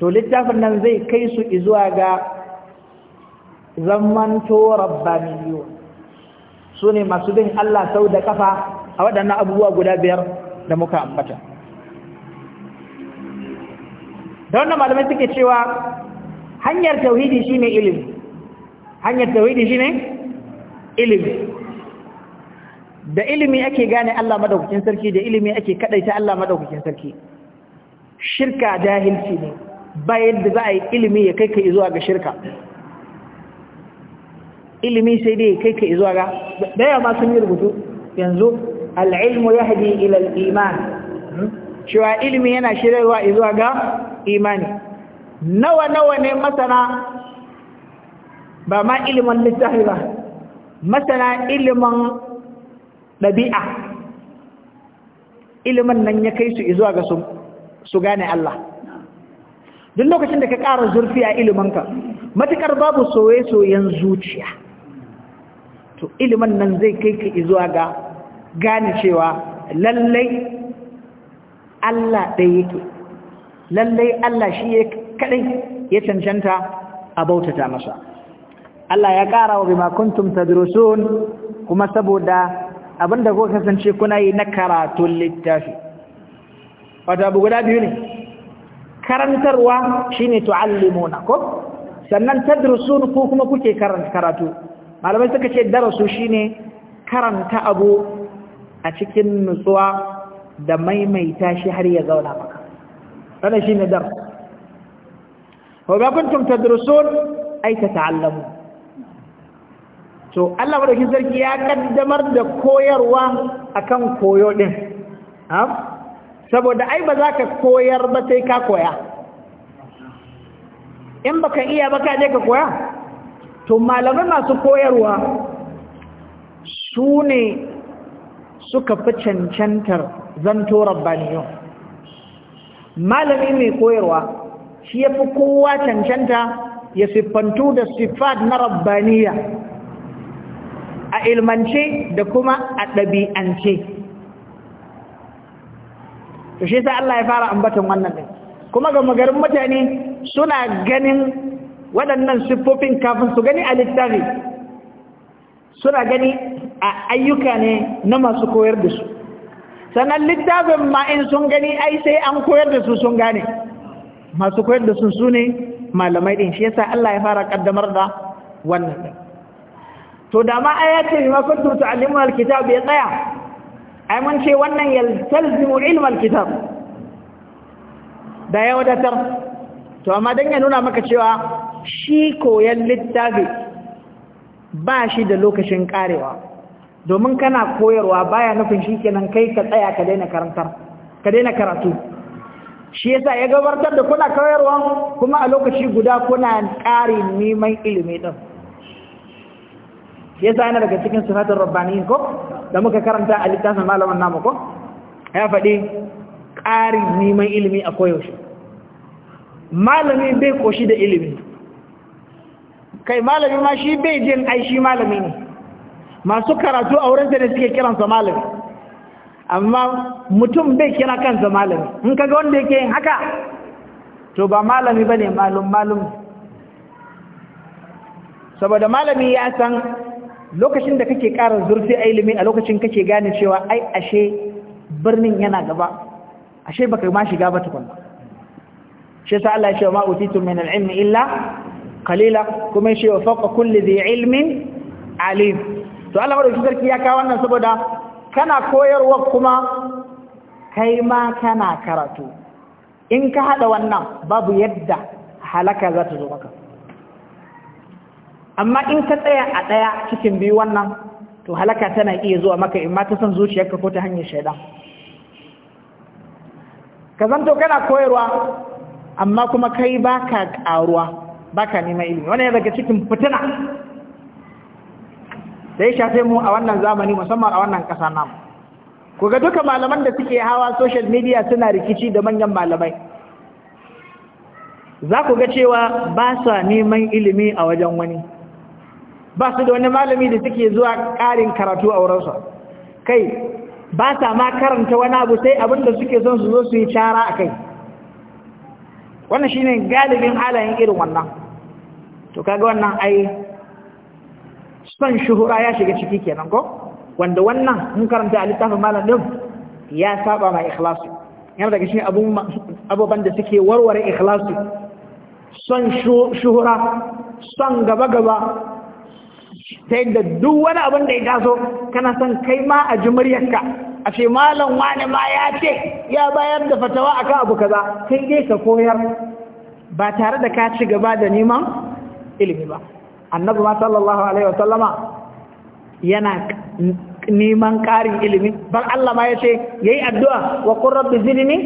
to littafin nan zai kai su izuwa ga zamanto rabbaniyo su ne masu bin Allah sau da kafa a waɗannan abubuwa guda biyar da muka ambata da wannan malamai suke cewa hanyar tauhidi shine ilimi hanyar tauhidi shine ilimi da ilimi ake gane Allah madaukakin sarki da ilimi ake kadaita Allah madaukakin sarki shirka jahilci ne bayan da za a yi ilimi ya kai ka zuwa ga shirka ilimi sai dai kai ka zuwa ga da yawa sun yi rubutu yanzu al'ilmu ya haɗi ilal iman hmm? cewa ilimi yana shirarwa zuwa ga imani nawa nawa ne masana ba ma ilimin littafi ba masana ilimin ɗabi'a ilimin nan ya kai su izuwa ga su gane Allah duk lokacin da ka ƙara zurfi a iliminka matuƙar babu soye-soyen zuciya to ilimin nan zai kai ka izuwa ga gane cewa lallai Allah ɗaya yake lallai Allah shi ya. kadai ya cancanta a bautata masa Allah ya ƙara wa bima kuntum tadrusun kuma saboda abinda ko kasance kuna yi na karatun littafi wato abu guda biyu ne karantarwa shine tuallimuna ko sannan tadrusun ko kuma kuke karanta karatu malamai suka ce darasu shine karanta abu a cikin nutsuwa da maimaita shi har ya zauna maka wannan shine darasu وما كنتم تدرسون أي تتعلمون to Allah madaukin sarki ya kaddamar da koyarwa akan koyo din saboda ai ba za ka koyar ba sai ka koya in baka iya ba ka je ka koya to malamai masu koyarwa su ne suka fi cancantar zanto rabbaniyo malami mai koyarwa shi ya fi kowa cancanta ya siffantu da sifat na rabbaniya a ilmance da kuma a ɗabi'ance to shi sa Allah ya fara ambatan wannan ɗin kuma ga magarin mutane suna ganin waɗannan siffofin kafin su gani a littafi suna gani a ayyuka ne na masu koyar da su sannan littafin ma in sun gani ai sai an koyar da su sun gane masu koyar da sun sune malamai din shi yasa Allah ya fara kaddamar da wannan to da ma ayati ma turta ta'allimu alkitab ya tsaya ai mun ce wannan yaltalzimu ilmu alkitab da ya wadatar to amma dan ya nuna maka cewa shi koyan littafi ba shi da lokacin karewa domin kana koyarwa baya nufin shi kenan kai ka tsaya ka daina karantar ka daina karatu shi yasa ya gabatar da kuna koyarwa kuma a lokaci guda kuna ƙari neman ilimi din shi yasa yana daga cikin sunatar rabbaniyin ko da muka karanta a littafin malaman namu ko ya faɗi ƙari neman ilimi a koyaushe malami bai koshi da ilimi kai malami ma shi bai jin aishi malami ne masu karatu a wurin da suke kiransa malami amma mutum bai kira kansa malami in kaga wanda yake yin haka to ba malami bane malum malum saboda malami ya san lokacin da kake ƙara zurfi a ilimi a lokacin kake gane cewa ai ashe birnin yana gaba ashe baka ma shiga ba tukun shi yasa Allah ya ce ma utitu min al ilm illa qalila kuma shi wa fawqa kulli dhi ilmin alim to Allah madaukakin sarki ya ka wannan saboda kana koyarwa kuma kai ma kana karatu in ka haɗa wannan babu yadda halaka za ta zo maka amma in ka tsaya a ɗaya cikin biyu wannan to halaka tana iya zuwa maka in ma ta san zuciyarka ko ta hanyar shaidan ka zanto kana koyarwa amma kuma kai baka ƙaruwa baka neman ilimi wani daga cikin fitina da ya shafe mu a wannan zamani musamman a wannan ƙasa namu ku ga duka malaman da suke hawa social media suna rikici da manyan malamai za ku ga cewa ba sa neman ilimi a wajen wani ba su da wani malami da suke zuwa ƙarin karatu a wurinsa kai ba sa ma karanta wani abu sai abin da suke son su zo su yi cara a kai wannan shine galibin halayen irin wannan to kaga wannan ai son shuhura ya shiga ciki kenan ko wanda wannan mun karanta a littafin malam din ya saba ma ikhlasu yana daga cikin abubuwan da suke warware ikhlasu son shuhura son gaba-gaba ta yadda duk wani abin da ya taso kana son kai ma a ji muryarka a ce malam wani ma ya ce ya bayar da fatawa akan abu kaza kai dai ka koyar ba tare da ka ci gaba da neman ilimi ba annabi ma sallallahu alaihi wa sallama yana neman ƙarin ilimi ban Allah ma ya yace yayi addu'a wa qur rabbi zidni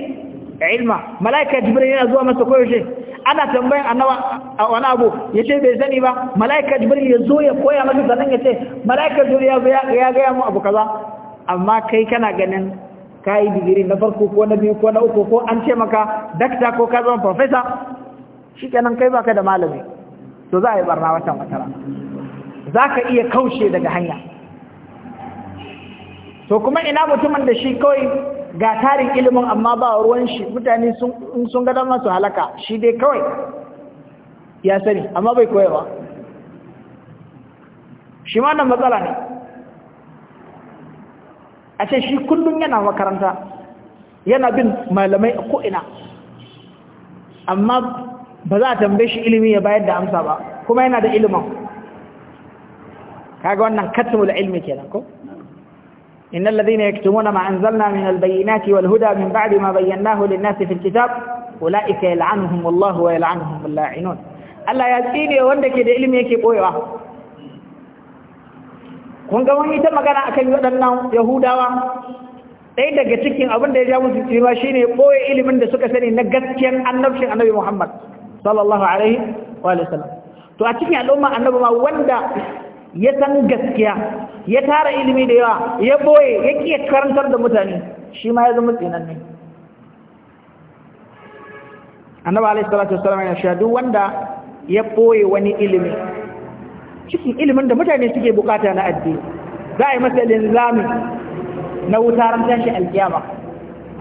ilma malaika jibril yana zuwa masa koyaushe ana tambayan annaba wani abu ya ce bai sani ba malaika jibril ya zo ya koya masa sannan yace malaika jibril ya ya ga mu abu kaza amma kai kana ganin kai digiri na farko ko na biyu ko na uku ko an ce maka dakta ko ka zama professor kenan kai baka da malami to za a yi barna watan watara za ka iya kaushe daga hanya to kuma ina mutumin da shi kawai ga tarin ilimin amma ba ruwan shi mutane sun gada masu halaka shi dai kawai ya sani amma bai koyarwa shi ma nan matsala ne a ce shi kullum yana makaranta yana bin malamai ko ina amma ba za a tambaye shi ilimi ya bayar da amsa ba kuma yana da ilimin kaga wannan katmul ilmi kenan ko إن الذين يكتمون ما أنزلنا من البينات والهدى من بعد ما بيناه للناس في الكتاب أولئك يلعنهم الله ويلعنهم اللاعنون Allah ya tsine wanda ke da ilimi yake boyewa kun ga wani ta magana akan waɗannan yahudawa ɗaya daga cikin abin da ya ja musu tsinuwa shine boye ilimin da suka sani na gaskiyar annabcin annabi Muhammad sallallahu alaihi wa sallam to a cikin al'umma annabi ma wanda ya san gaskiya ya tara ilimi da yawa ya boye ya kiya karantar da mutane shi ma ya zama tsinanne annabi alaihi salatu wasallam ya sha duk wanda ya boye wani ilimi cikin ilimin da mutane suke bukata na addini za a yi masa linzami na wuta ran tashi alkiyama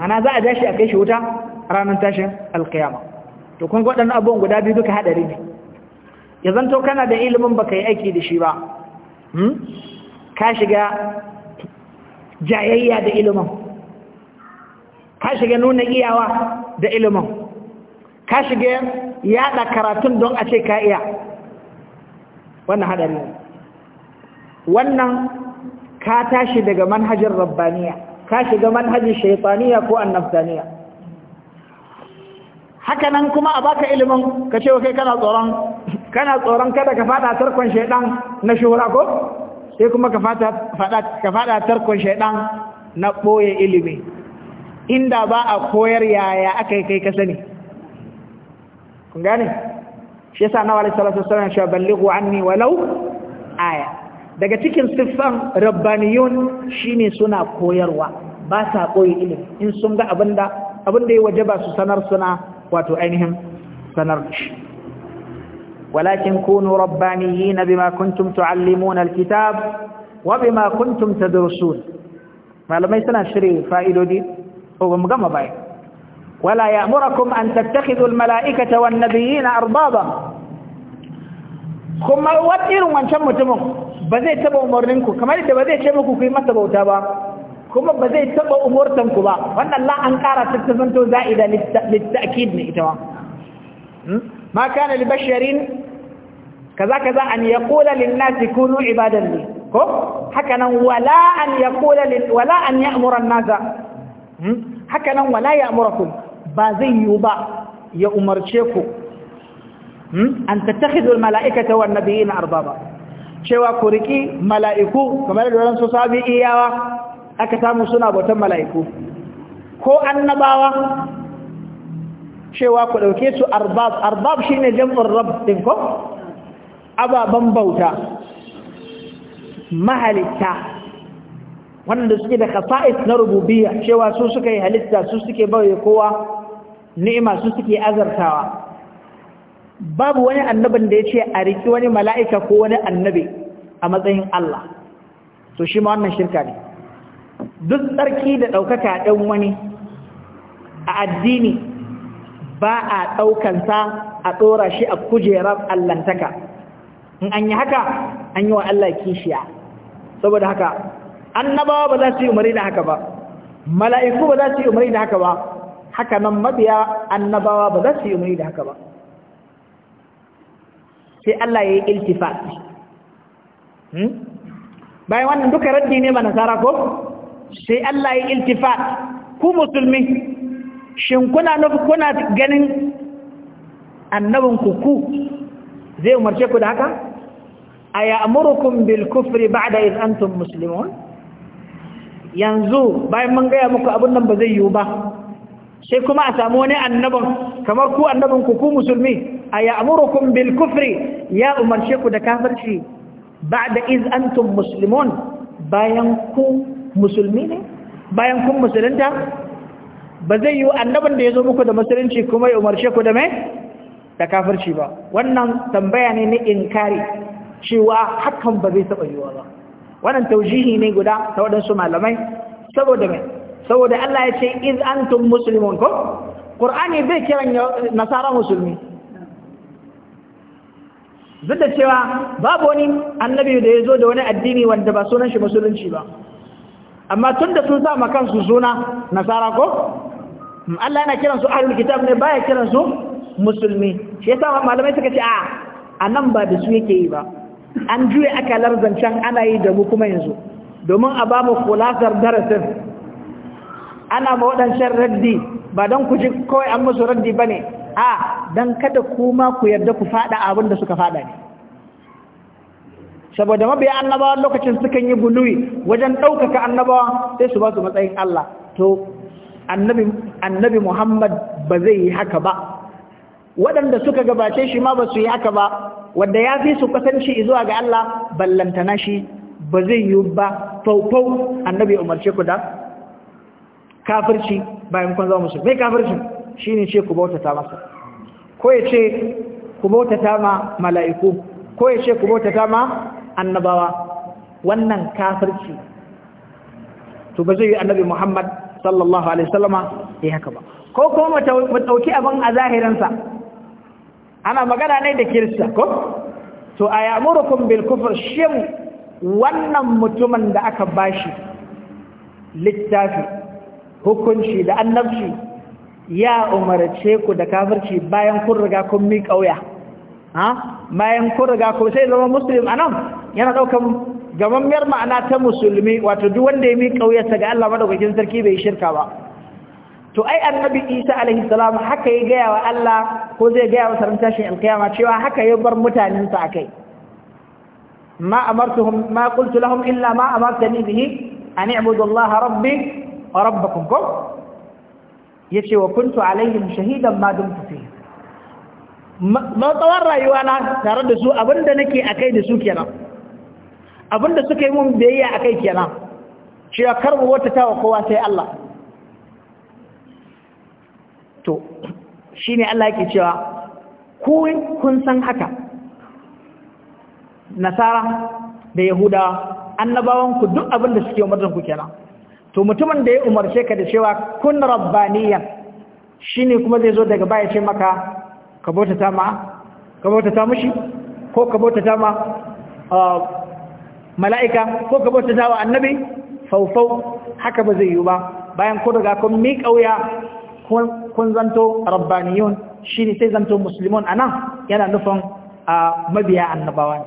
ana za a dashi a kai shi wuta ranar tashin alkiyama to kun waɗannan abubuwan guda biyu duka haɗari ne ya zanto kana da ilimin baka yi aiki da shi ba hmm? ka shiga jayayya da ilimin ka shiga nuna iyawa da ilimin ka shiga yaɗa karatun don a ce ka iya wannan haɗari ne wannan ka tashi daga manhajin rabbaniya ka shiga manhajin shaitaniya ko annabtaniya haka nan kuma a baka ilimin ka ce kai kana tsoron kana tsoron kada ka fada tarkon shaidan na shuhura ko sai kuma ka fada ka fada tarkon shaidan na boye ilimi inda ba a koyar yaya aka kai ka sani kun gane shi yasa nawa alaihi salatu wassalam ya ballighu anni walau aya daga cikin siffan rabbaniyun shine suna koyarwa ba sa koyi ilimi in sun ga abinda abinda ya wajaba su sanar suna wato ainihin sanar da shi walakin kunu rabbaniyin bima kuntum tuallimuna alkitab wa bima kuntum tadrusun malamai suna shirye fa'idodi ko ba mu gama bai wala ya'murukum an tattakhidhu almala'ikata wan nabiyina arbaba kuma wat irin wancan mutumin ba zai taba umarninku kamar da ba zai ce muku ku yi masa bauta ba kuma ba zai taɓa umurtanku ba wannan la an kara ta zanto za'ida litta'kid ne ita ma hmm? kana li kaza kaza an yaqula lin nasi kunu ibadan ne ko haka nan wala an yaqula lin wala an ya'mura an nasa hmm? haka nan wala ya'murakum ba zai yi ba ya umarce ku hmm? an tattakhidul mala'ikata wan nabiyina arbaba cewa ku riƙi mala'iku kamar da ran su sabi iyawa aka samu suna bautan mala'iku ko annabawa cewa ku ɗauke su arbab arbab shine jam'in rab ɗin ko ababen bauta mahalitta wanda suke da kafa'is na rububiya. cewa su suka yi halitta su suke bauye kowa ni'ima su suke azartawa babu wani annabin da ya ce a riki wani mala'ika ko wani annabi a matsayin Allah to shi ma wannan shirka ne duk tsarki da ɗaukaka ɗan wani a addini ba a ɗaukansa a tsora shi a kujerar allantaka in an yi haka an yi wa Allah kishiya saboda haka annabawa ba za su yi umari da haka ba mala'iku ba za su yi umari da haka ba haka nan mabiya annabawa ba za su yi umari da haka ba sai Allah ya yi iltifa hmm? bayan wannan duka raddi ne ba nasara ko sai Allah ya iltifat ku musulmi shin kuna kuna ganin annabin ku ku zai umarce ku da haka a ya'murukum bil kufri ba'da id antum muslimun yanzu bayan mun gaya muku abun nan ba zai yiwu ba sai kuma a samu wani annabin kamar ku annabin ku ku musulmi a ya'murukum bil kufri ya umarce ku da kafirci ba'da iz antum muslimun bayan ku musulmi ne bayan kun musulunta ba zai yi annaban da ya zo muku da musulunci kuma ya umarce ku da mai da kafirci ba wannan tambaya ne na inkari cewa hakan ba zai taɓa yiwa ba wannan taujihi ne guda ta waɗansu malamai saboda mai saboda Allah ya ce iz antum muslimun ko qur'ani bai kiran nasara musulmi duk da cewa babu wani annabi da ya zo da wani addini wanda ba sunan shi musulunci ba amma tun da sun sama kansu suna nasara ko hmm, Allah yana su ahlul kitab ne baya su musulmi shi yasa malamai suka ce a nan ba da su yake yi ba an juye aka zancen ana yi da mu kuma yanzu domin a ba mu kulasar darasin ana ma waɗancan raddi ba don ku ji kawai an musu raddi ba ne a don kada kuma ku yarda ku faɗa abin da suka faɗa ne saboda mabiya annabawa lokacin sukan yi guluwi wajen ɗaukaka annabawa sai su ba su matsayin Allah to annabi Muhammad ba zai yi haka ba waɗanda suka gabace shi ma ba su yi haka ba wanda ya fi su kasance zuwa ga Allah ballantana shi ba zai yi ba faufau annabi umarce ku da kafirci bayan kun zama musulmi kafirci shine ce ku bautata masa ko ya ce ku bautata ma mala'iku ko ya ce ku bautata ma annabawa wannan kafirci to ba zai yi annabi Muhammad sallallahu alaihi wasallama ya haka ba ko kuma mu dauki abin a zahirinsa ana magana ne da kirista ko to ayamurukum bil kufr shin wannan mutumin da aka bashi littafi hukunci da annabci ya umarce ku da kafirci bayan kun riga kun mi kauya bayan ko riga ko sai zama muslim anan yana daukan gamammiyar ma'ana ta musulmi wato duk wanda ya miƙa wuyarsa ga Allah madaukakin sarki bai shirka ba to ai annabi Isa alaihi salam haka ya gaya wa Allah ko zai gaya wa sarin tashin alkiyama cewa haka ya bar mutanen sa akai ma amartuhum ma qultu lahum illa ma amartani bihi an i'budu Allah rabbi wa rabbakum yace wa kuntu alaihim shahidan ma dumtu fihi matsawar rayuwa na tare da su abinda nake kai da su kenan abinda suka yi mun biyayya akai kenan cewa kar mu wata tawa kowa sai Allah to shine Allah yake cewa ku kun san haka nasara da yahudawa annabawan ku duk abinda suke umartan ku kenan to mutumin da ya umarce ka da cewa kun rabbaniyan shine kuma zai zo daga baya ce maka ka bautata ma ka bautata mushi ko ka bautata ma mala'ika ko ka bautata wa annabi faufau haka ba zai yi ba bayan ko daga kun mi kauya kun zanto rabbaniyun shine sai zanto muslimun anan yana nufin mabiya annabawa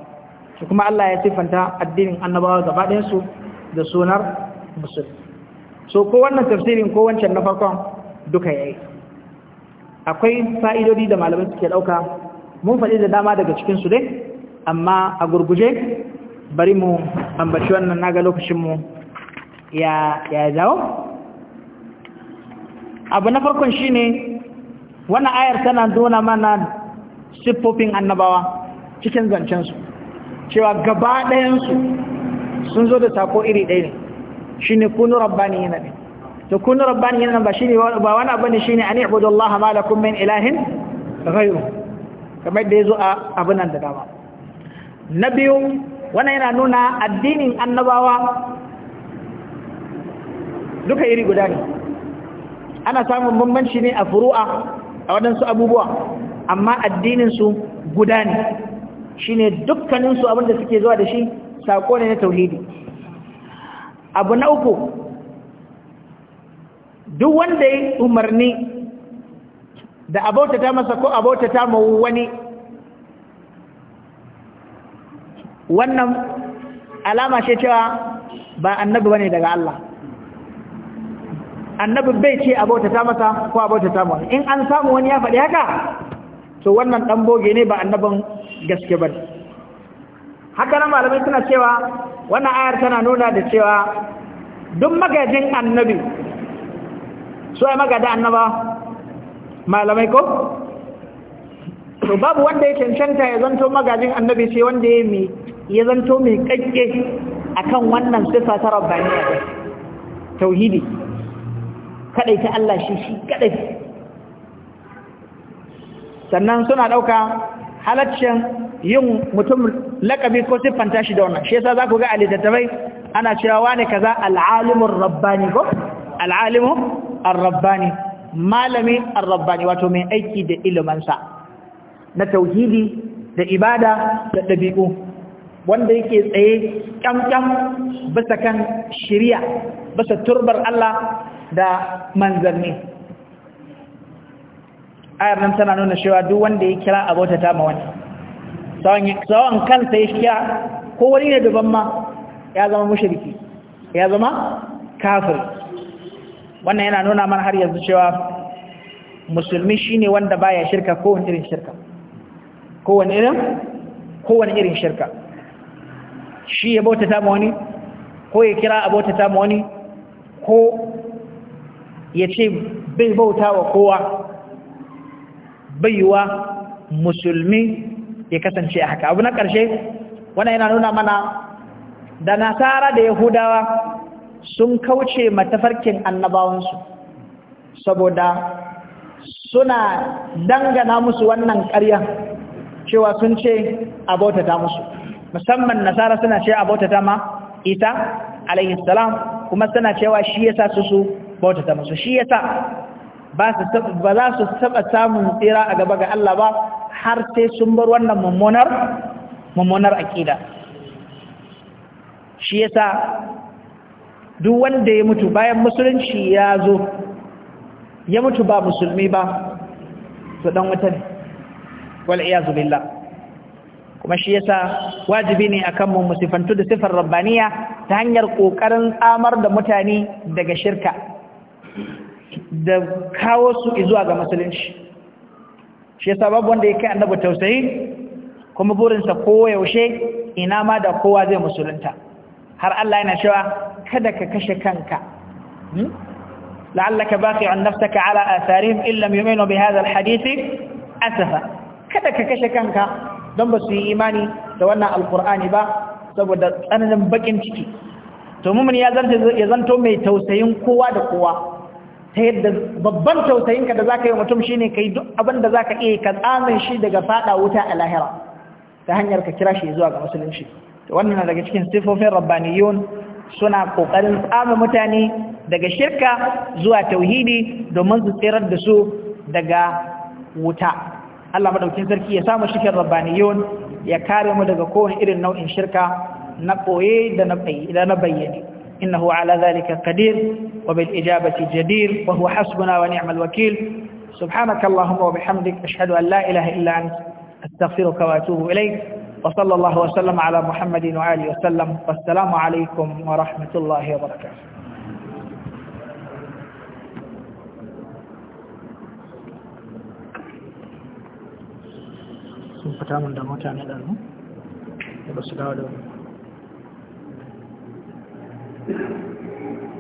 ne kuma Allah ya sifanta addinin annabawa gaba ɗayan su da sunar musulmi so ko wannan tafsirin ko wancan na farkon duka yayi akwai fa'idodi da malamai suke ɗauka mun faɗi da dama daga cikinsu dai amma a gurguje bari mu ambaci wannan naga lokacinmu ya zawo abu na farkon shi ne wannan ayar tana dona mana siffofin annabawa cikin zancensu cewa gaba ɗayansu sun zo da sako iri ɗaya ne shi ne kunu ne yana ɗaya to kun rabbani yana ba shine ba wani abu ne shine an ibudu Allah ma lakum min ilahin ghayru kamar da yazo a abin nan da dama na biyu wannan yana nuna addinin annabawa duka iri guda ne ana samun bambanci ne a furu'a a waɗansu abubuwa amma addininsu guda ne shi ne dukkaninsu abinda suke zuwa da shi saƙo ne na tauhidi abu na uku duk wanda ya umarni da abautata masa ko abautata ma wani wannan alama ce cewa ba annabi bane daga Allah annabi bai ce abautata masa ko abautata ma in an samu wani ya faɗi haka to wannan dan boge ne ba annabin gaske ba haka nan malamai suna cewa wannan ayar tana nuna da cewa duk magajin annabi su ai magada annaba malamai ko to babu wanda ya cancanta ya zanto magajin annabi sai wanda ya mi ya zanto mai kakke akan wannan sifa ta rabbaniya tauhidi kadai ta Allah shi shi kadai sannan suna dauka halaccin yin mutum lakabi ko siffanta shi da wannan shi yasa ku ga a littattafai ana cewa wani kaza al'alimur rabbani ko al'alimu ar-rabbani malami ar-rabbani wato mai aiki da ilimansa na tauhidi da ibada da dabi'u wanda yake tsaye kyamkyam bisa kan shiriya bisa turbar Allah da manzanni ayar nan tana nuna cewa duk wanda ya kira abota ta ma wani tsawon kansa ya kira ko wani ne daban ma ya zama mushriki ya zama kafir wannan yana nuna mana har yanzu cewa musulmi shine wanda baya shirka kowane irin shirka kowane irin kowane irin shirka shi ya bautata ma wani ko ya kira a bautata ma wani ko ya ce bai bauta wa kowa baiwa musulmi ya kasance a haka abu na ƙarshe wannan yana nuna mana da nasara da yahudawa sun kauce matafarkin annabawansu saboda suna dangana musu wannan ƙarya cewa sun ce abautata musu musamman nasara suna ce abautata ma ita alaihi salam kuma suna cewa shi yasa su su bautata musu shi yasa ba za su saba samun tsira a gaba ga Allah ba har sai sun bar wannan mummunar mummunar aƙida shi yasa duk wanda ya mutu bayan musulunci ya zo ya mutu ba musulmi ba to dan wata ne wal iyazu billah kuma shi yasa wajibi ne akan mu musifantu da sifar rabbaniya ta hanyar kokarin tsamar da mutane daga shirka da kawo su zuwa ga musulunci shi yasa babu wanda ya yake annabi tausayi kuma burinsa ko yaushe ina ma da kowa zai musulunta har Allah yana cewa kada ka kashe kanka hmm? la'allaka baqi'un nafsaka ala atharihim illam yu'minu bi alhadith asafa kada ka kashe kanka don ba su yi imani da wannan alqur'ani ba saboda tsananin bakin ciki to mumin ya zanto mai tausayin kowa da kowa ta yadda babban tausayinka da zaka yi mutum shine kai duk abin da zaka iya ka tsamin shi daga fada wuta a lahira ta hanyar ka kira shi zuwa ga musulunci to wannan daga cikin sifofin rabbaniyun suna kokarin tsama mutane daga shirka zuwa tauhidi domin su tsirar da su daga wuta Allah madaukin sarki ya samu shikin rabbaniyun ya kare mu daga kowane irin nau'in shirka na koye da na bayyane innahu ala zalika qadir wa bil ijabati jadir wa huwa hasbuna wa ni'mal wakil subhanakallahumma wa bihamdik ashhadu an la ilaha illa anta astaghfiruka wa atubu ilayk وصلى الله وسلم على محمد وعلى وسلم والسلام عليكم ورحمة الله وبركاته da da su dawo da